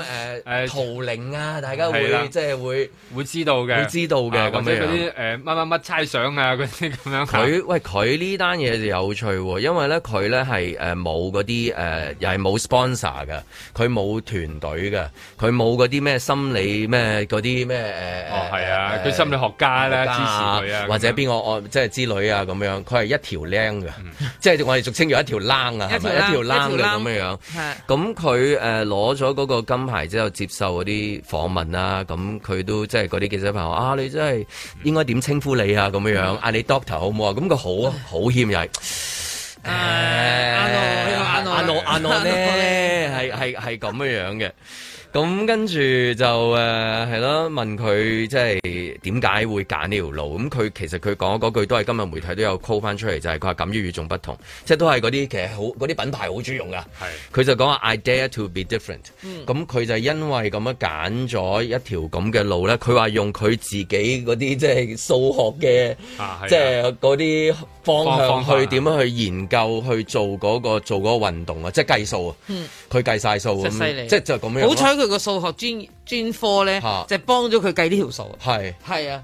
誒誒陶玲啊，大家會即係會會知道嘅，會知道嘅咁樣。啲誒乜乜乜猜想啊嗰啲咁樣。佢喂佢呢單嘢就有趣，因為咧佢咧係誒冇嗰啲誒又係冇 sponsor 嘅，佢冇團隊嘅，佢冇嗰啲咩心理咩嗰啲咩誒。係啊，心理學家咧支持佢啊，或者邊個即係之類啊咁樣，佢係一條靚嘅，即係我哋俗稱叫一條愣啊，係咪一條愣嘅咁樣？咁佢誒攞咗嗰個金牌之後，接受嗰啲訪問啦。咁佢都即係嗰啲記者朋友啊，你真係應該點稱呼你啊？咁樣樣嗌你 Doctor 好唔好啊？咁佢好好謙又係阿諾，阿諾，阿諾咧，係係係咁樣樣嘅。咁跟住就誒係咯，問佢即係點解會揀呢條路？咁佢其實佢講嗰句都係今日媒體都有 call 翻出嚟，就係佢話敢於與眾不同，即係都係啲其實好啲品牌好中意用噶。係佢就講話 I dare to be different。嗯，咁佢就因為咁樣揀咗一條咁嘅路咧，佢話用佢自己啲即係數學嘅，即係啲方向去點樣去研究去做個做個運動啊，即係計數啊。嗯，佢計曬數咁，即係就咁樣好彩佢個數學專專科咧，是就係幫咗佢計呢條數。係係是啊。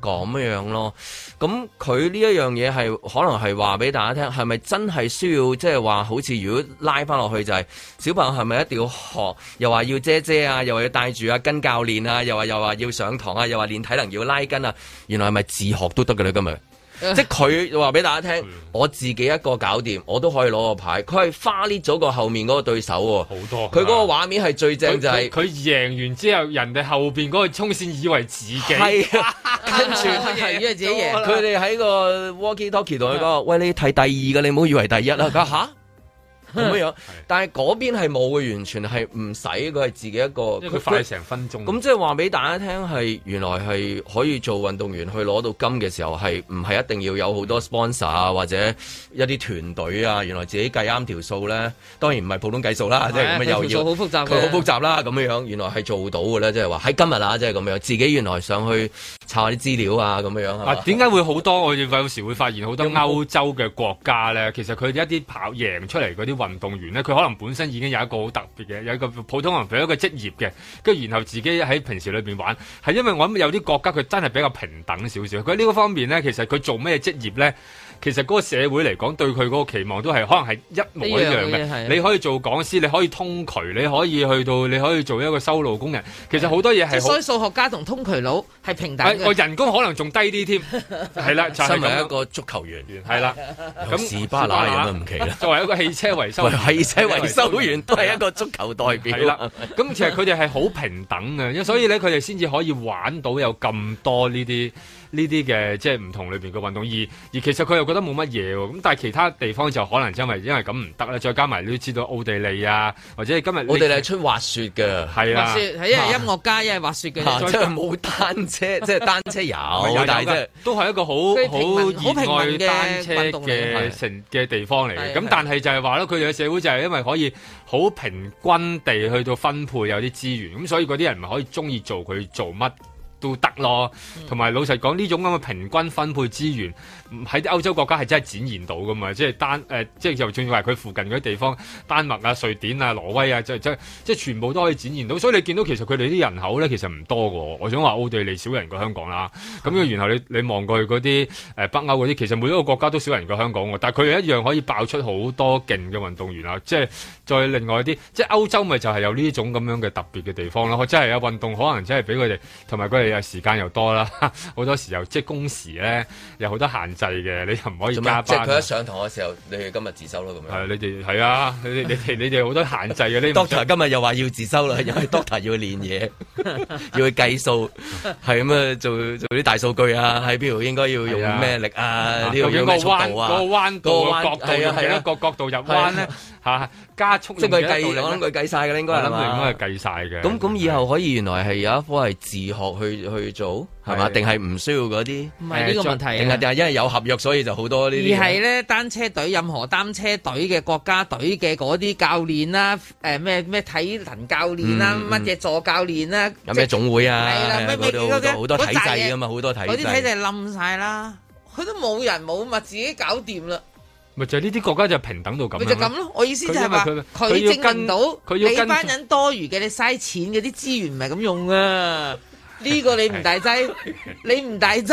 講咩樣咯？咁佢呢一樣嘢係可能係話俾大家聽，係咪真係需要即係話？好似如果拉翻落去就係、係、小朋友係咪一定要學？又話要遮遮啊，又話要帶住啊，跟教練啊，又話又話要上堂啊，又話練體能要拉筋啊？原來係咪自學都得噶啦今日。 即係佢話俾大家聽， 我自己一個搞掂，我都可以攞個牌。佢係花 l 咗個後面嗰個對手喎， 好多。佢嗰個畫面係最正就係佢贏完之後，人哋後邊嗰個衝線以為自己係啊， 跟住以是 為自己贏。佢哋喺個 walkie talkie 度嗰個， 喂，你睇第二嘅，你唔好以為第一啦。佢 咁樣樣，但係嗰邊係冇嘅，完全係唔使，佢係自己一個，佢快成分鐘。咁即係話俾大家聽，係原來係可以做運動員去攞到金嘅時候，係唔係一定要有好多 sponsor 啊，或者一啲團隊啊？原來自己計啱條數咧，當然唔係普通計數啦，即係咁啊又要好複雜，佢好複雜啦。咁樣樣原來係做到嘅咧，即係話喺今日啊，即係咁樣，自己原來上去查下啲資料啊，咁樣樣啊。點解吧會好多？我有時會發現好多歐洲嘅國家咧，其實佢哋一啲跑贏出嚟嗰啲。運動員呢，佢可能本身已經有一個好特別嘅，有一個普通人，有一個職業嘅，跟住然後自己喺平時裏邊玩，係因為我諗有啲國家佢真係比較平等少少，佢喺呢個方面呢，其實佢做咩職業呢？其實嗰個社會嚟講，對佢嗰個期望都係可能係一模一樣嘅。你可以做講師，你可以通渠，你可以去到，你可以做一個修路工人。其實好多嘢係。所以數學家同通渠佬係平等嘅。人工可能仲低啲添，係啦，作為一個足球員，係啦，咁士巴拿人有乜唔奇咧？作為一個汽車維修員，汽車維修員都係一個足球代表。係啦，咁其實佢哋係好平等嘅，所以咧佢哋先至可以玩到有咁多呢啲。呢啲嘅即係唔同裏邊嘅運動，而而其實佢又覺得冇乜嘢喎。咁但係其他地方就可能因為因為咁唔得啦，再加埋你都知道奧地利啊，或者今日奧地利出滑雪嘅，係啊，因為音樂家因為滑雪嘅，即係冇單車，即係單車有，但係即係都係一個好好熱愛單車嘅成嘅地方嚟嘅。咁但係就係話佢哋嘅社會就係因為可以好平均地去到分配有啲資源，咁所以嗰啲人咪可以中意做佢做乜，都得咯，同埋老實講，呢種咁嘅平均分配資源喺啲歐洲國家係真係展現到噶嘛？即係丹誒，即係就算話佢附近嗰啲地方，丹麥啊、瑞典啊、挪威啊，即係即係即係全部都可以展現到。所以你見到其實佢哋啲人口咧，其實唔多嘅。我想話奧地利少人過香港啦，咁嘅然後你你望過去嗰啲誒北歐嗰啲，其實每一個國家都少人過香港嘅，但係佢哋一樣可以爆出好多勁嘅運動員啊！即係再另外啲，即係歐洲咪就係有呢種咁樣嘅特別嘅地方咯，即係啊運動可能真係俾佢哋同埋佢哋。又時間又多啦，好多時又即係工時咧，有好多限制嘅，你又唔可以加班。即係佢一上堂嘅時候，你哋今日自修咯，咁樣。係你哋係啊，你哋你哋好多限制嘅。Doctor 今日又話要自修啦，因為 Doctor 要練嘢，要去計數，係咁啊，做做啲大數據啊，喺邊度應該要用咩力啊？呢啲咁嘅操作啊，嗰個彎嗰個角度嘅一個角度入彎咧嚇。加速，即係佢計我諗佢計晒嘅，應該係嘛？咁應該係計晒嘅。咁咁以後可以，原來係有一科係自學去去做，係嘛？定係唔需要嗰啲？唔係呢個問題。定係定係，因為有合約，所以就好多呢啲。而係咧，單車隊任何單車隊嘅國家隊嘅嗰啲教練啦，誒咩咩體能教練啦，乜嘢助教練啦，有咩總會啊？係啦，咩咩好多體制啊嘛，好多體制。嗰啲體制冧晒啦，佢都冇人冇物，自己搞掂啦。咪就係呢啲國家就平等到咁，咪就咁咯。我意思就係話，佢要跟，佢要跟，俾班人多餘嘅，你嘥錢嗰啲資源唔係咁用啊。呢個你唔大劑，你唔大劑。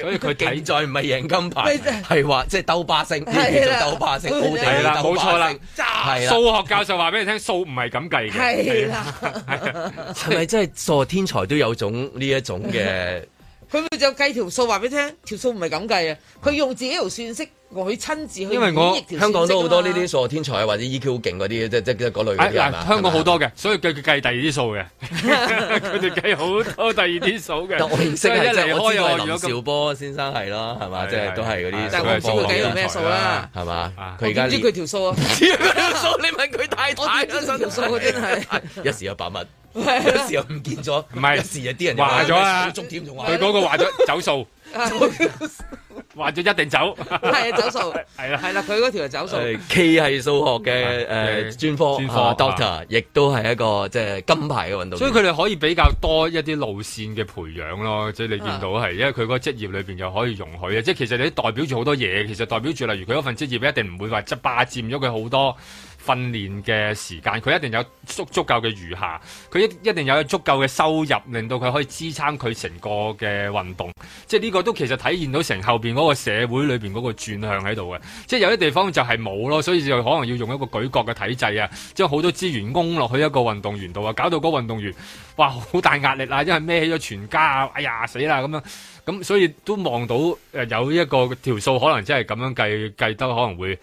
所以佢睇在唔係贏金牌，係話即係鬥霸性，叫鬥霸性，冇錯啦。數學教授話俾你聽，數唔係咁計嘅。係啦，係咪真係傻天才都有種呢一種嘅？佢咪就計條數話俾你聽，條數唔係咁計啊！佢用自己條算式，我佢親自去演繹條算式。因為我香港都好多呢啲數學天才或者 EQ 好勁嗰啲，即即即嗰類香港好多嘅，所以佢計第二啲數嘅，佢哋計好多第二啲數嘅。我認識係我知係林兆波先生係咯，係嘛？即係都係嗰啲。但係我唔知佢計用咩數啦，係嘛？佢而家唔知佢條數啊？唔知佢條數，你問佢太太條數，真係一時一百蚊。有時又唔見咗，唔係有時啊，啲人話咗啊，終點仲話，佢嗰個話咗走數，話咗一定走，係走數，係啦，係啦，佢嗰條係走數，K 係數學嘅誒專科，專科 Doctor，亦都係一個即係金牌嘅運動員，所以佢哋可以比較多一啲路線嘅培養咯，即係你見到係，因為佢嗰個職業裏邊又可以容許嘅，即係其實你代表住好多嘢，其實代表住例如佢嗰份職業一定唔會話即霸佔咗佢好多。訓練嘅時間，佢一定有足足夠嘅餘下，佢一一定有足夠嘅收入，令到佢可以支撐佢成個嘅運動。即係呢個都其實體現到成後邊嗰個社會裏邊嗰個轉向喺度嘅。即係有啲地方就係冇咯，所以就可能要用一個舉國嘅體制啊，將好多資源供落去一個運動員度啊，搞到個運動員哇好大壓力啊，因為孭起咗全家啊，哎呀死啦咁樣咁，所以都望到誒有一個條數可能真係咁樣計計得可能會。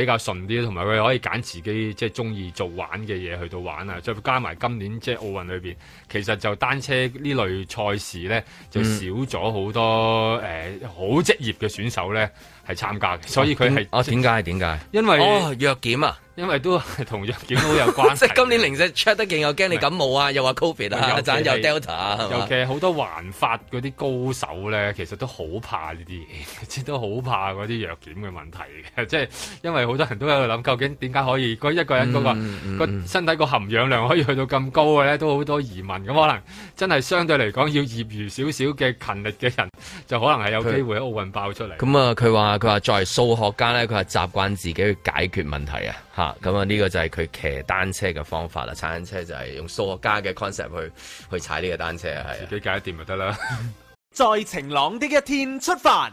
比較順啲，同埋佢可以揀自己即係中意做玩嘅嘢去到玩啊！再加埋今年即係奧運裏邊，其實就單車呢類賽事咧，嗯、就少咗好多誒好職業嘅選手咧係參加嘅，所以佢係哦點解係點解？因為哦藥檢啊。因為都係同藥檢好有關。即係 今年零舍 check 得勁，又驚你感冒啊，又話 Covid 啊，又爭 Delta 尤其係好多環法嗰啲高手咧，其實都好怕呢啲嘢，即都好怕嗰啲藥檢嘅問題嘅。即係因為好多人都喺度諗，究竟點解可以個一個人嗰、嗰個嗯嗯個身體個含氧量可以去到咁高嘅咧？都好多疑問。咁可能真係相對嚟講，要業餘少少嘅勤力嘅人，就可能係有機會喺奧運爆出嚟。咁啊，佢話佢話作為數學家咧，佢係習慣自己去解決問題啊。咁啊，呢個就係佢騎單車嘅方法啦。踩單車就係用數學家嘅 concept 去去踩呢個單車，係自己搞掂就得啦。在晴朗的一天出發。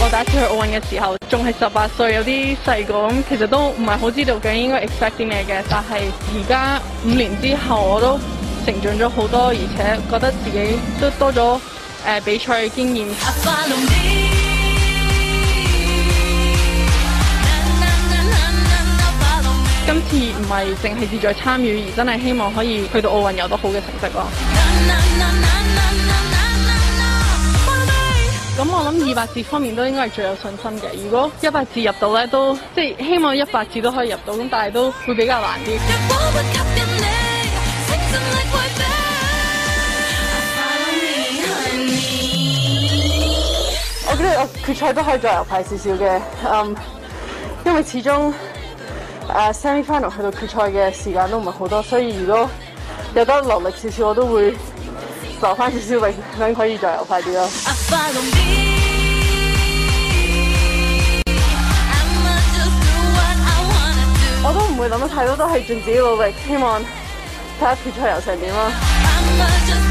我第一次去奧運嘅時候，仲係十八歲，有啲細個，咁其實都唔係好知道嘅，應該 expect 啲咩嘅。但係而家五年之後，我都成長咗好多，而且覺得自己都多咗誒、呃、比賽經驗。 今次唔係淨係志在參與，而真係希望可以去到奧運有得好嘅成績咯、啊。咁我諗二百字方面都應該係最有信心嘅。如果一百字入到咧，都即係希望一百字都可以入到，咁但係都會比較難啲。 我覺得我決賽都可以再游快少少嘅，嗯，因為始終。誒、uh, semi final 去到決賽嘅時間都唔係好多，所以如果有得落力少少，我都會留翻少少力，等可以再游快啲咯。Me, 我都唔會諗得太多，都係盡自己努力，希望睇下決賽游成點啦。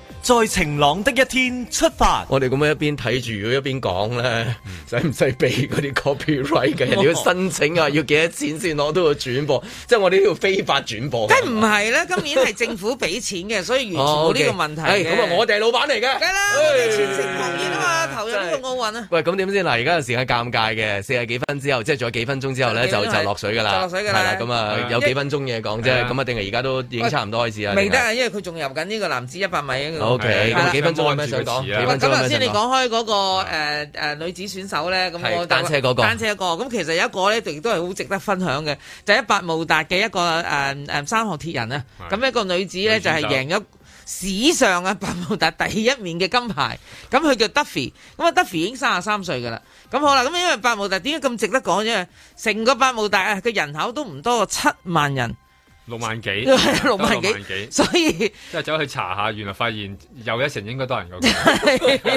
在晴朗的一天出發。我哋咁樣一邊睇住，一邊講咧，使唔使俾嗰啲 copyright 嘅？人哋要申請啊，要幾多錢先？攞到個轉播，即係我哋呢度非法轉播。梗唔係啦，今年係政府俾錢嘅，所以完全冇呢個問題嘅。咁啊，我哋係老闆嚟嘅，梗啦，全城狂熱啊嘛，投入呢個奧運啊。喂，咁點先嗱？而家有時間尷尬嘅，四十幾分之後，即係仲有幾分鐘之後咧，就就落水噶啦，係啦，咁啊，有幾分鐘嘢講啫。咁啊，定係而家都已經差唔多開始啊？未得啊，因為佢仲入緊呢個男子一百米。O.K.，幾分鐘咁樣就講。咁頭先你講開嗰個誒誒女子選手咧，咁我單車嗰個單車一個。咁其實有一個咧，亦都係好值得分享嘅，就係百慕達嘅一個誒誒三項鐵人咧。咁一個女子咧，就係贏咗史上啊百慕達第一面嘅金牌。咁佢叫 Duffy。咁啊 Duffy 已經三十三歲噶啦。咁好啦，咁因為百慕達點解咁值得講啫？成個百慕達嘅人口都唔多過七萬人。六萬幾，嗯、六萬幾，所以即係走去查下，原來發現又一成應該多人嘅，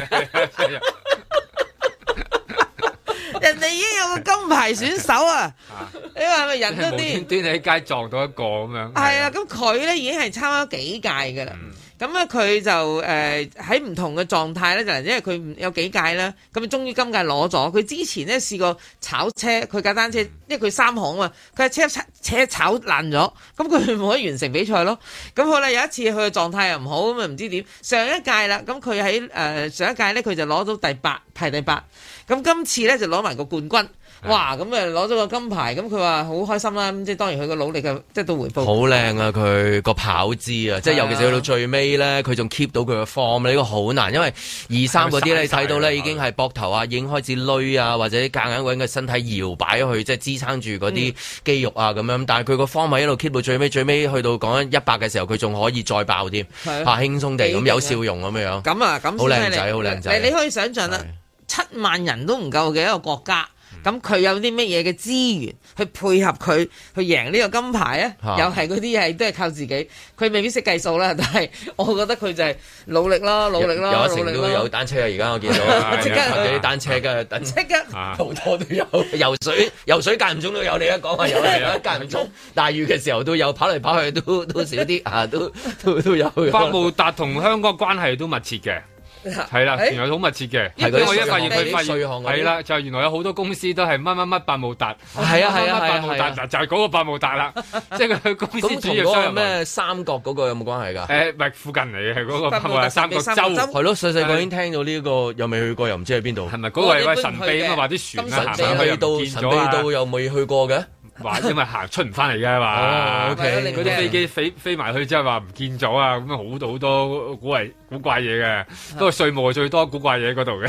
人哋已經有個金牌選手啊！啊你話係咪人多啲？無端端喺街撞到一個咁樣，係 啊！咁佢咧已經係差唔多幾屆㗎啦。嗯咁咧佢就誒喺唔同嘅狀態咧，就係因為佢有幾屆啦。咁、嗯、啊，終於今屆攞咗。佢之前咧試過炒車，佢架單車，因為佢三行啊嘛，佢車車炒爛咗，咁佢唔可以完成比賽咯。咁、嗯、好啦，有一次佢嘅狀態又唔好，咁啊唔知點。上一屆啦，咁佢喺誒上一屆咧，佢就攞到第八，排第八。咁、嗯、今次咧就攞埋個冠軍。哇！咁誒攞咗個金牌，咁佢話好開心啦。即係當然佢個努力嘅，即係都回報。好靚啊！佢個跑姿啊，即係尤其是去到最尾咧，佢仲 keep 到佢嘅 form。呢個好難，因為二三嗰啲咧睇到咧已經係膊頭啊，已經開始攣啊，或者夾硬揾個身體搖擺去，即係支撐住嗰啲肌肉啊咁樣。但係佢個 form 一路 keep 到最尾，最尾去到講緊一百嘅時候，佢仲可以再爆添，嚇、啊、輕鬆地咁有笑容咁嘅樣。咁啊，咁好靚仔，好靚仔你你。你可以想象啦，是七萬人都唔夠嘅一個國家。咁佢有啲乜嘢嘅資源去配合佢去贏呢個金牌咧？又係嗰啲係都係靠自己，佢未必識計數啦。但係我覺得佢就係努力啦，努力啦，有成都有單車 啊！而家我見到有啲單車㗎，啊、即刻好多都有。游水游水間唔中都有，你有一講話游水間唔中大 雨嘅時候都有，跑嚟跑去，都都少啲啊！都都都有。法務 達同香港關係都密切嘅。 係啦，原來好密切嘅。依啲我一發現佢發現，係啦，就係原來有好多公司都係乜乜乜百慕達，係啊係啊百慕達，就係嗰個百慕達啦。即係佢公司主要咁同嗰個咩三角嗰個有冇關係㗎？誒唔係附近嚟嘅，係嗰個百慕達三角洲。係咯，細細個已經聽到呢個，又未去過又唔知喺邊度。係咪嗰個？喂神秘咁話啲船啊，神秘到神秘到又未去過嘅。話因為行出唔翻嚟嘅嘛，嗰啲飛機飛飛埋去之後話唔見咗啊！咁好多好多古遺古怪嘢嘅，不過稅務最多古怪嘢嗰度嘅。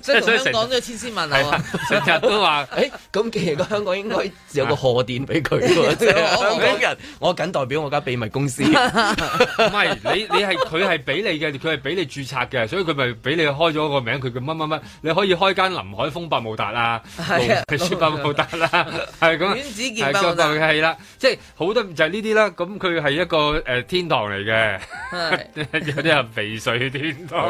即係 香港千千、啊、 天都千絲萬系，成日都話，誒，咁其實個香港應該有個賀電俾佢。香港人，我僅我 代表我間秘密公司。唔 係， 你你係佢係俾你嘅，佢係俾你注冊嘅，所以佢咪俾你開咗個名，佢叫乜乜乜。你可以開間林海峰百慕達啊，係舒百慕達啦。啊 啊啊係咁，係個個係啦，即係好多就係呢啲啦。咁佢係一個誒天堂嚟嘅，有啲係肥水。天堂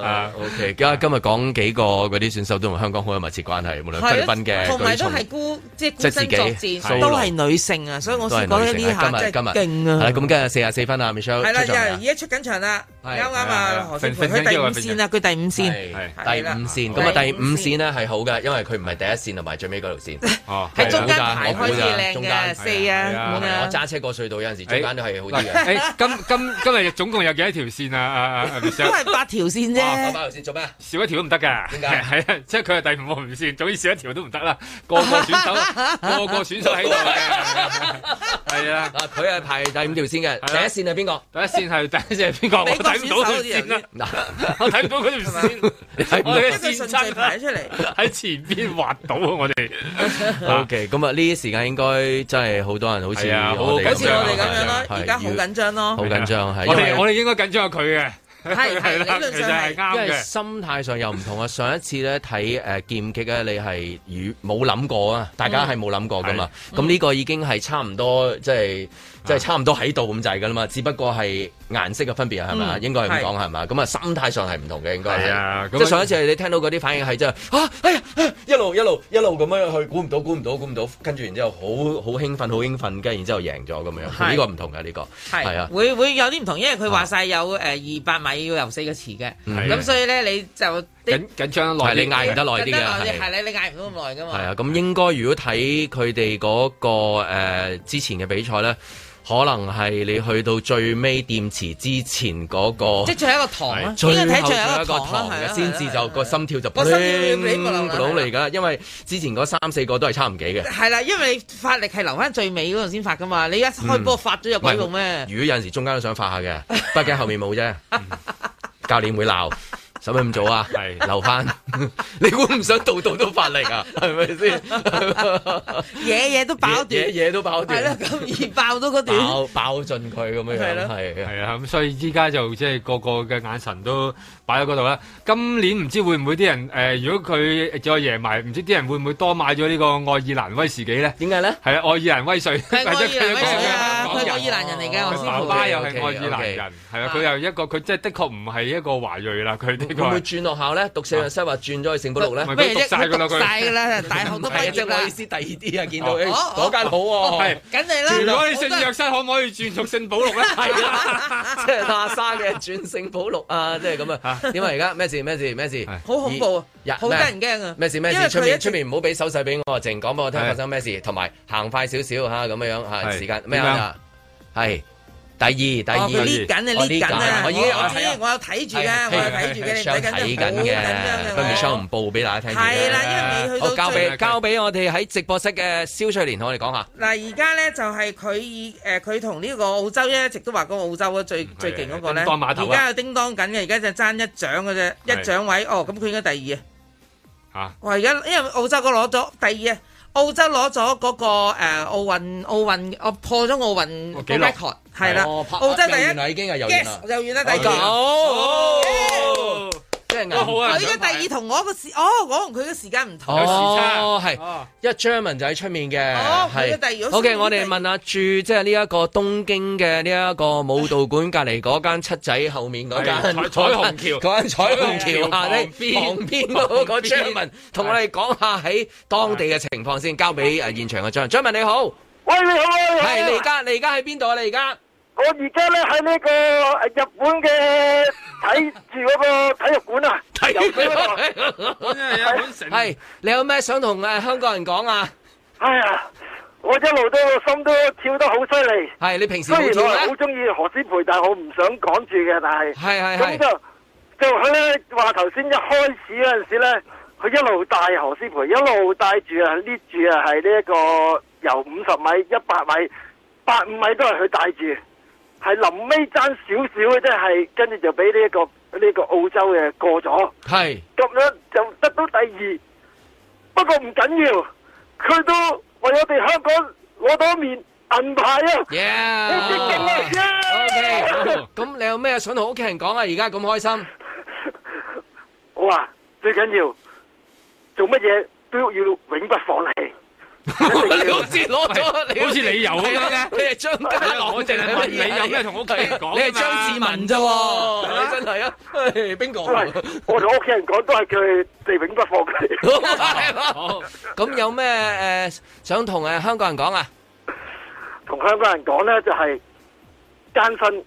啊，OK。而家今日講幾個嗰啲選手都同香港好有密切關係，無論對分嘅，同埋都係孤，即係孤身作戰，都係女性啊。所以我先講呢啲吓，今日勁啊。咁，今日四十四分啊，Michelle。係啦，而家出緊場啦，啱啱啊，何詩蓓佢第五線啊，佢第五線，第五線。咁啊，第五線呢，係好嘅，因為佢唔係第一線同埋最尾嗰條線。真排開始靚嘅四啊，我揸車過隧道有陣時，中間都係好啲嘅。誒，今今今日總共有幾多條線啊？都係八條線啫。八條線做咩？少一條都唔得㗎。點解？係啊，即係佢係第五條線，總之少一條都唔得啦。個個選手，個個選手喺度。係啊，啊佢係排第五條線嘅。第一線係邊個？第一線係第一線係邊個？我睇唔到佢條線啦。嗱，睇唔到佢條線，係我嘅順序排出嚟。喺前邊滑到啊！我哋。O K。咁啊！呢啲時間應該真係好多人好似，好似我哋咁樣咯，而家好緊張咯，好緊張。我哋我哋應該緊張下佢嘅，係理論上係啱嘅，因為心態上又唔同啊。上一次咧睇誒劍擊咧，你係與冇諗過啊，大家係冇諗過噶嘛。咁呢個已經係差唔多，即係。即係差唔多喺度咁滯噶啦嘛，只不過係顏色嘅分別係嘛？應該係唔講係嘛？咁啊，心態上係唔同嘅，應該係啊。即上一次你聽到嗰啲反應係真係啊，哎呀，一路一路一路咁樣去，估唔到估唔到估唔到，跟住然之後好好興奮，好興奮，跟住然之後贏咗咁樣。呢個唔同嘅呢個係啊，會會有啲唔同，因為佢話晒有誒二百米要游四個池嘅，咁所以咧你就緊緊張得耐，你嗌唔得耐啲嘅係你你嗌唔到咁耐㗎嘛。係啊，咁應該如果睇佢哋嗰個誒之前嘅比賽咧。可能係你去到最尾電池之前嗰、那個，即係最後一個堂、啊。啦是。睇最後最有一個堂、啊。嘅先至就個心跳就啪啪。不你老嚟噶，因為之前嗰三四個都係差唔幾嘅。係啦，因為你發力係留翻最尾嗰度先發噶嘛，你一開波發咗有鬼用咩、嗯？如果有陣時中間都想發下嘅，畢竟後面冇啫， 教練會鬧。使乜咁早啊？係 是留翻番， 你估唔想度度都發力啊？係咪先？嘢嘢都爆斷，嘢嘢都爆斷，係咯，咁易爆到嗰段， 爆爆盡佢咁樣樣，係咯 的，係啊，咁所以依家就即係、就是、個個嘅眼神都。買喺度啦，今年唔知會唔會啲人誒，如果佢再贏埋，唔知啲人會唔會多買咗呢個愛爾蘭威士忌咧？點解咧？係啊，愛爾蘭威士，係愛爾蘭人嚟嘅？我先。爸爸又係愛爾蘭人，係啊，佢又一個，佢即係的確唔係一個華裔啦，佢的確會轉學校咧，讀聖約西或轉咗去聖保祿咧？咩啫？細個啦，佢細啦，大學都係啊，即係我意思，第二啲啊，見到嗰間好喎。咁咪啦？如果去聖約西，可唔可以轉做聖保祿咧？係啦，即係阿生嘅轉聖保祿啊，即係咁啊。因為而家咩事咩事咩事，好恐怖啊，好得人驚啊！咩事咩事，出面，出面唔好畀手勢俾我，淨講畀我聽發生咩事，同埋行快少少嚇咁樣樣嚇時間咩啊？係。第二第二，我搦緊啊，搦緊啊！我有睇住嘅，我有睇住嘅，睇緊嘅。佢唔上唔報俾大家聽。係啦，因為你去到最交俾交俾我哋喺直播室嘅蕭翠蓮同我哋講下。嗱，而家咧就係佢誒佢同呢個澳洲一直都話個澳洲最最勁嗰個咧，而家又叮噹緊嘅，而家就爭一掌嘅啫，一掌位哦，咁佢應該第二啊嚇！哇，而家因為澳洲個攞咗第二。啊。澳洲攞咗嗰個誒奧運奧運，我破咗奧運嘅 record。係啦，澳洲第一啦，已經係又完啦，又完得第二。Oh. Oh. Yeah. 佢嘅第二同我嘅時，哦，我同佢嘅時間唔同，有時差，係。一張文就喺出面嘅，係。好嘅，我哋問下住即係呢一個東京嘅呢一個舞蹈館隔籬嗰間七仔後面嗰間彩虹橋嗰間彩虹橋下呢旁邊嗰嗰張文同我哋講下喺當地嘅情況先，交俾誒現場嘅張文。張文你好，喂你好，係你而家你而家喺邊度啊？你而家？我而家咧喺呢個日本嘅睇住嗰個體育館啊，係。 你有咩想同誒香港人講啊？哎啊，我一路都個心都跳得好犀利。係、啊、你平時好中意何詩蓓，但係我唔想講住嘅，但係係係咁就就佢咧話頭先一開始嗰陣時咧，佢一路帶何詩蓓，一路帶住啊捏住啊，係呢一個由五十米、一百米、百五米，米，米都係佢帶住。係臨尾爭少少嘅，即係，跟住就俾呢一個呢個澳洲嘅過咗，係咁樣就得到第二。不過唔緊要，佢都為我哋香港攞到面銀牌啊！咁你有咩想同屋企人講啊？而家咁開心，我話最緊要做乜嘢都要永不放棄。你好似攞咗，好似理由咁嘅。你係張家朗，淨係理由嘅，同屋企人講。你係張志文啫。真係啊，邊個？我同屋企人講，都係佢哋永不放棄。咁有咩誒想同誒香港人講啊？同香港人講咧，就係艱辛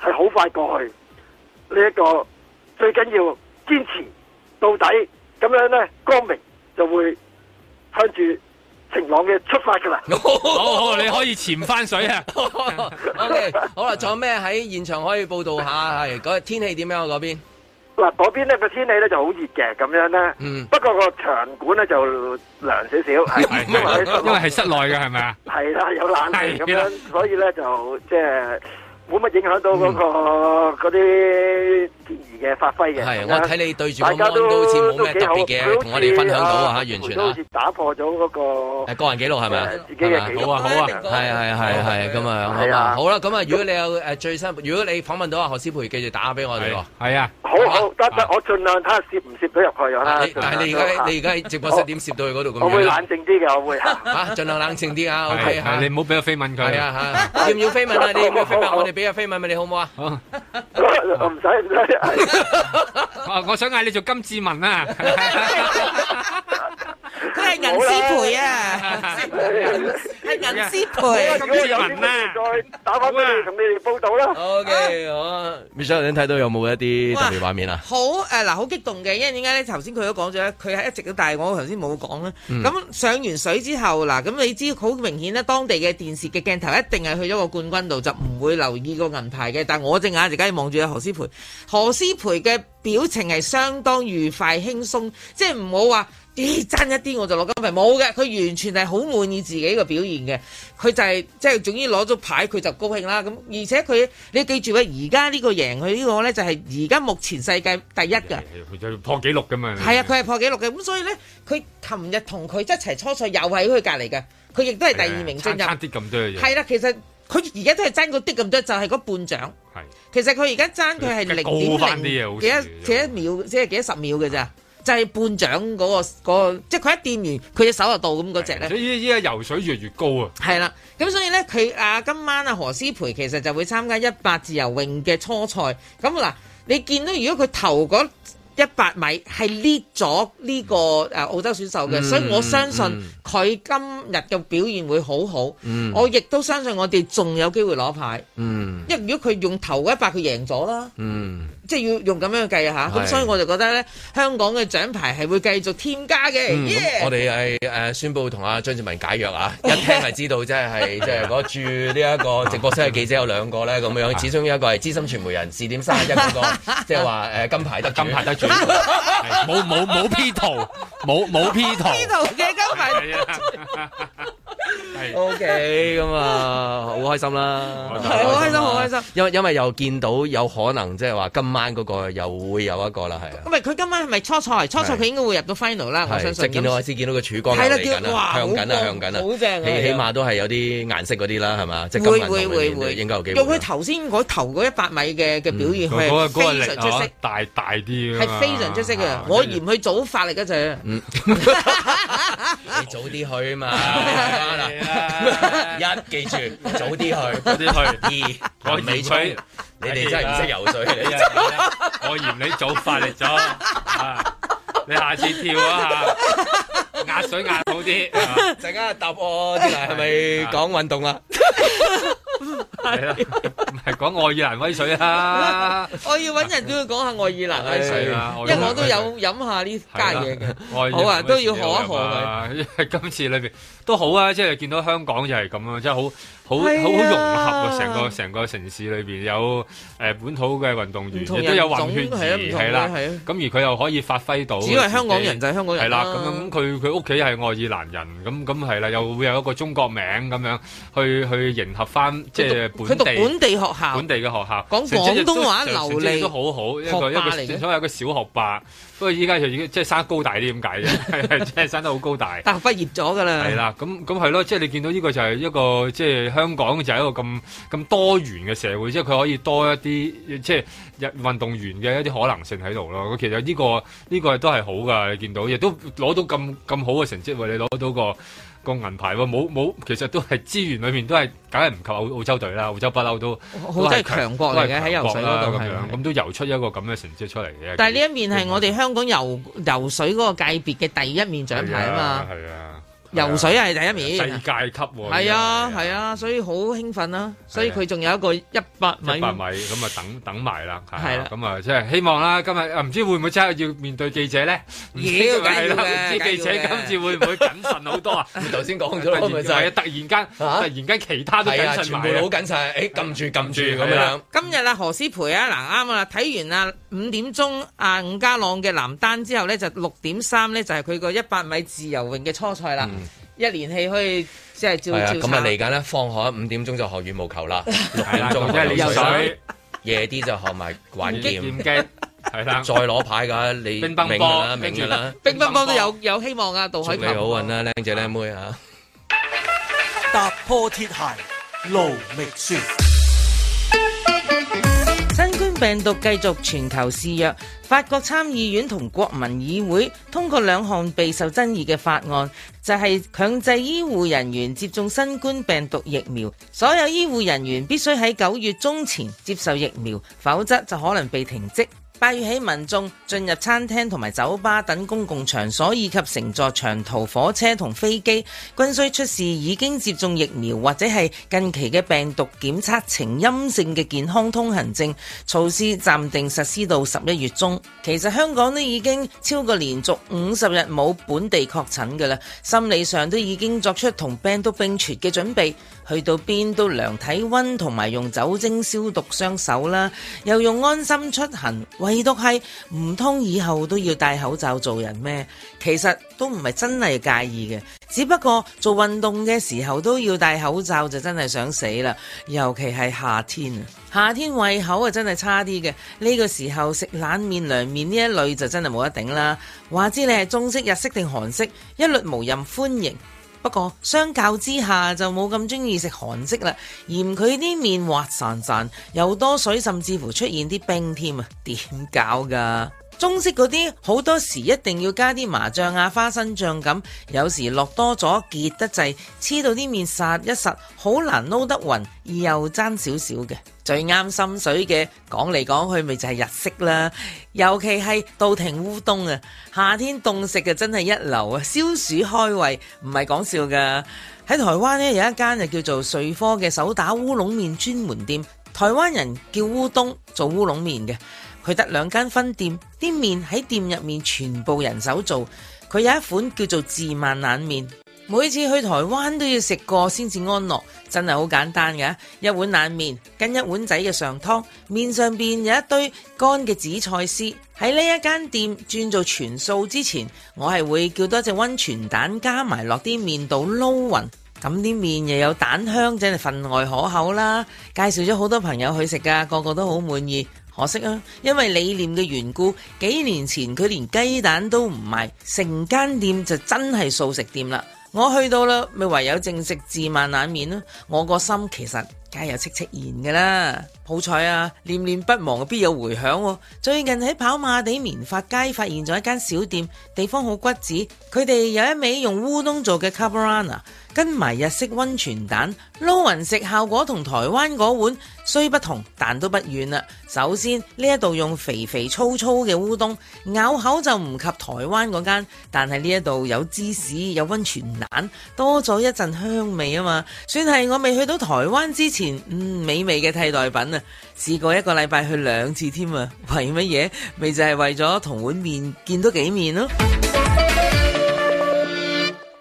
係好快過去。呢一個最緊要堅持到底，咁樣咧，光明就會。向住晴朗嘅出發噶啦。好好，你可以潛翻水啊。OK，好啦，仲有咩喺現場可以報道下？係嗰，天氣點樣？嗰邊嗱，嗰邊咧個天氣咧就好熱嘅，咁樣咧。嗯。不過個場館咧就涼少少，係因為係室內嘅係咪啊？係啦，有冷氣咁樣，所以咧就即係冇乜影響到嗰個嗰啲。易嘅發揮嘅係，我睇你對住個案都好似冇咩特別嘅同我哋分享到啊，完全啊。都好似打破咗嗰個個人記錄係咪啊？好啊好啊，係係係係咁啊樣啊。好啦，咁啊，如果你有誒最新，如果你訪問到阿何詩蓓，繼續打俾我哋喎。係啊，好好得唔得？我儘量睇下攝唔攝到入去啦。但係你而家你而家喺直播室點攝到佢嗰度咁樣？我會冷靜啲嘅，我會嚇。嚇，儘量冷靜啲啊！OK，你唔好俾佢飛吻佢。係啊嚇，要唔要飛吻啊？你要唔要飛吻？我哋俾個飛吻俾你好唔好啊？唔使唔使。我我想嗌你做金志文啊！佢係銀詩蓓啊，係銀詩蓓。如果有啲再打翻俾你同你哋報道啦。OK，我 Michelle，你睇到，有冇一啲特別畫面啊？好誒，嗱，好激動嘅，因為點解咧？頭先佢都講咗，佢係一直都，但係我頭先冇講啦。咁上完水之後，嗱，咁你知好明顯咧，當地嘅電視嘅鏡頭一定係去咗個冠軍度，就唔會留意個銀牌嘅。但我隻眼就梗係望住何詩蓓，何詩蓓嘅表情係相當愉快輕鬆，即係唔好話。爭、欸、一啲我就攞金牌，冇嘅，佢完全係好滿意自己嘅表現嘅，佢就係、是、即係總之攞咗牌，佢就高興啦。咁而且佢你記住嘅，而家呢個贏佢呢個咧就係而家目前世界第一㗎，佢就係破紀錄㗎嘛。係啊，佢係破紀錄嘅，咁所以咧，佢琴日同佢一齊初賽又喺佢隔離嘅，佢亦都係第二名進入。差啲咁多，係啦，其實佢而家都係爭嗰啲咁多，就係、是、嗰半獎。係的，其實佢而家爭佢係零點多幾多秒，即係幾多十秒嘅咋。就係半掌嗰，那個、那個，即係佢一掂完佢隻手就到咁嗰隻咧。所以依家游水越嚟越高啊！係啦，咁所以咧，佢啊今晚啊何詩蓓其實就會參加一百自由泳嘅初賽。咁嗱，啊，你見到如果佢頭嗰一百米係 lead 咗呢個誒澳洲選手嘅，嗯，所以我相信佢今日嘅表現會好好。嗯，我亦都相信我哋仲有機會攞牌。嗯，因為如果佢用頭嗰一百佢贏咗啦。嗯。嗯即係要用咁樣計啊！嚇是，咁所以我就覺得咧，香港嘅獎牌係會繼續添加嘅。嗯、Yeah! 我哋係誒宣佈同阿張志文解約啊！一聽係知道、就是，即係即係住呢一個直播室嘅記者有兩個咧，咁樣，始終一個係資深傳媒人，士點三十一嗰個，即係話誒金牌得金牌得主，冇冇冇 P 圖，冇冇 P 圖，P 圖嘅金牌。 O K，咁啊，好開心啦！係好開心，好開心，因因為又見到有可能，即係話今晚嗰個又會有一個啦，係咪？唔係佢今晚係咪初賽？初賽佢應該會入到 final 啦，我相信。即係見到我先見到個曙光嚟緊啦，向緊啊，向緊啊，好正啊！起起碼都係有啲顏色嗰啲啦，係嘛？即係今日嘅表現應該有機會。用佢頭先我投嗰一百米嘅嘅表現，佢係非常出色，大大啲係非常出色嘅。我嫌佢早發力嗰陣，你早啲去啊嘛！啊、 一記住早啲去，早啲去。二我唔吹，你哋真係唔識游水。我嫌你早發力咗、 啊，你下次跳啊，壓水壓好啲。陣間答我啲嚟，係咪講運動啊？ 係啦，唔係講、 啊、愛爾蘭威水啦。 我要揾人都要講下愛爾蘭威水， 因為我都有飲下呢家嘢。 啊好啊，都要學一學啊。 今次裏邊都好啊，即係見到香港就係咁樣，即係好。好好好融合啊！成個成個城市裏邊有誒、呃、本土嘅運動員，亦都有混血兒，係啦、啊。咁而佢又可以發揮到。只係香港人就係香港人。係啦、啊，咁樣佢佢屋企係愛爾蘭人，咁咁係啦，又會有一個中國名咁樣去去迎合翻，即係本地本地學校、本地嘅學校,學校講廣東話流利都,個都好好學霸嚟嘅，所以有個小學霸。不過依家就已經即係生得高大啲，咁解啫？即係生得好高大。大學畢業咗噶啦。係啦，咁咁係咯，即係你見到呢個就係一個即係、就是、香港就係一個咁咁多元嘅社會，即係佢可以多一啲即係運動員嘅一啲可能性喺度咯。其實呢、呢個呢、呢個都係好噶，你見到亦都攞到咁咁好嘅成績，你攞到個。個銀牌喎，冇冇，其實都係資源裏面都係梗係唔及澳澳洲隊啦，澳洲不嬲都好真係強國嚟嘅喺游水嗰度咁樣，咁係係都游出一個咁嘅成績出嚟嘅。但係呢一面係我哋香港遊游、嗯、游水嗰個界別嘅第一面獎牌啊嘛。係啊。游水係第一名，世界級，係啊係啊，所以好興奮啦。所以佢仲有一個一百米，一百米咁啊，等等埋啦。係啦，咁啊，即係希望啦。今日唔知會唔會真係要面對記者咧？唔知記者今次會唔會謹慎好多啊？頭先講咗，咁咪就係突然間突然間其他都謹慎埋，好謹慎。誒，撳住撳住咁樣。今日啊，何詩蓓啊，嗱啱啊，睇完啊五點鐘啊伍家朗嘅男單之後呢，就六點三呢，就係佢個一百米自由泳嘅初賽啦。一年期可以即係照照。係啊，咁啊嚟緊啦！放學五點鐘就學羽毛球啦，六點鐘游水，夜啲就學埋玩劍擊，係啦，再攞牌噶你明噶啦，明噶啦，乒乓波都有有希望啊！杜海明好運啦，靚仔靚妹啊！踏破鐵鞋無覓處。病毒繼續全球肆虐，法國參議院同國民議會通過兩項備受爭議嘅法案，就係強制醫護人員接種新冠病毒疫苗，所有醫護人員必須喺九月中前接受疫苗，否則就可能被停職。八月起，民眾進入餐廳同埋酒吧等公共場所，以及乘坐長途火車同飛機，均需出示已經接種疫苗或者係近期嘅病毒檢測呈陰性嘅健康通行證。措施暫定實施到十一月中。其實香港都已經超過連續五十日冇本地確診㗎啦，心理上都已經作出同病毒並存嘅準備。去到邊都量體温同埋用酒精消毒雙手啦，又用安心出行。係都係唔通以後都要戴口罩做人咩？其實都唔係真係介意嘅，只不過做運動嘅時候都要戴口罩就真係想死啦。尤其係夏天啊，夏天胃口啊真係差啲嘅。呢個時候食冷麵涼麵呢一類就真係冇得頂啦。話知你係中式、日式定韓式，一律無任歡迎。不過相較之下就冇咁中意食韓式啦，嫌佢啲麵滑潺潺，又多水，甚至乎出現啲冰添啊？點搞噶？中式嗰啲好多時一定要加啲麻醬啊、花生醬咁，有時落多咗結得滯，黐到啲麵實一實，好難撈得勻，又爭少少嘅。最啱心水嘅，講嚟講去咪就係日式啦，尤其係稻庭烏冬啊，夏天凍食嘅真係一流啊，消暑開胃唔係講笑噶。喺台灣呢，有一間就叫做瑞科嘅手打烏龍麵專門店，台灣人叫烏冬做烏龍麵嘅，佢得兩間分店，啲麵喺店入面全部人手做，佢有一款叫做自慢冷麵。每次去台灣都要食過先至安樂，真係好簡單嘅一碗冷麵跟一碗仔嘅上湯，麵上邊有一堆乾嘅紫菜絲。喺呢一間店轉做全素之前，我係會叫多隻温泉蛋加埋落啲麵度撈勻，咁啲麵又有蛋香，真係分外可口啦！介紹咗好多朋友去食噶，個個都好滿意。可惜啊，因為理念嘅緣故，幾年前佢連雞蛋都唔賣，成間店就真係素食店啦。我去到啦，咪唯有正食自慢冷麵咯。我個心其實梗係有戚戚然嘅啦。好彩啊！念念不忘，必有回響。最近喺跑馬地棉發街發現咗一間小店，地方好骨子。佢哋有一味用烏冬做嘅 carbonara 跟埋日式溫泉蛋撈勻食，效果同台灣嗰碗雖不同，但都不遠啊。首先呢一度用肥肥粗粗嘅烏冬，咬口就唔及台灣嗰間，但係呢一度有芝士、有溫泉蛋，多咗一陣香味啊嘛。算係我未去到台灣之前，嗯，美味嘅替代品啊。試過一個禮拜去兩次添啊！為乜嘢？咪就係為咗同碗麵見多幾面咯。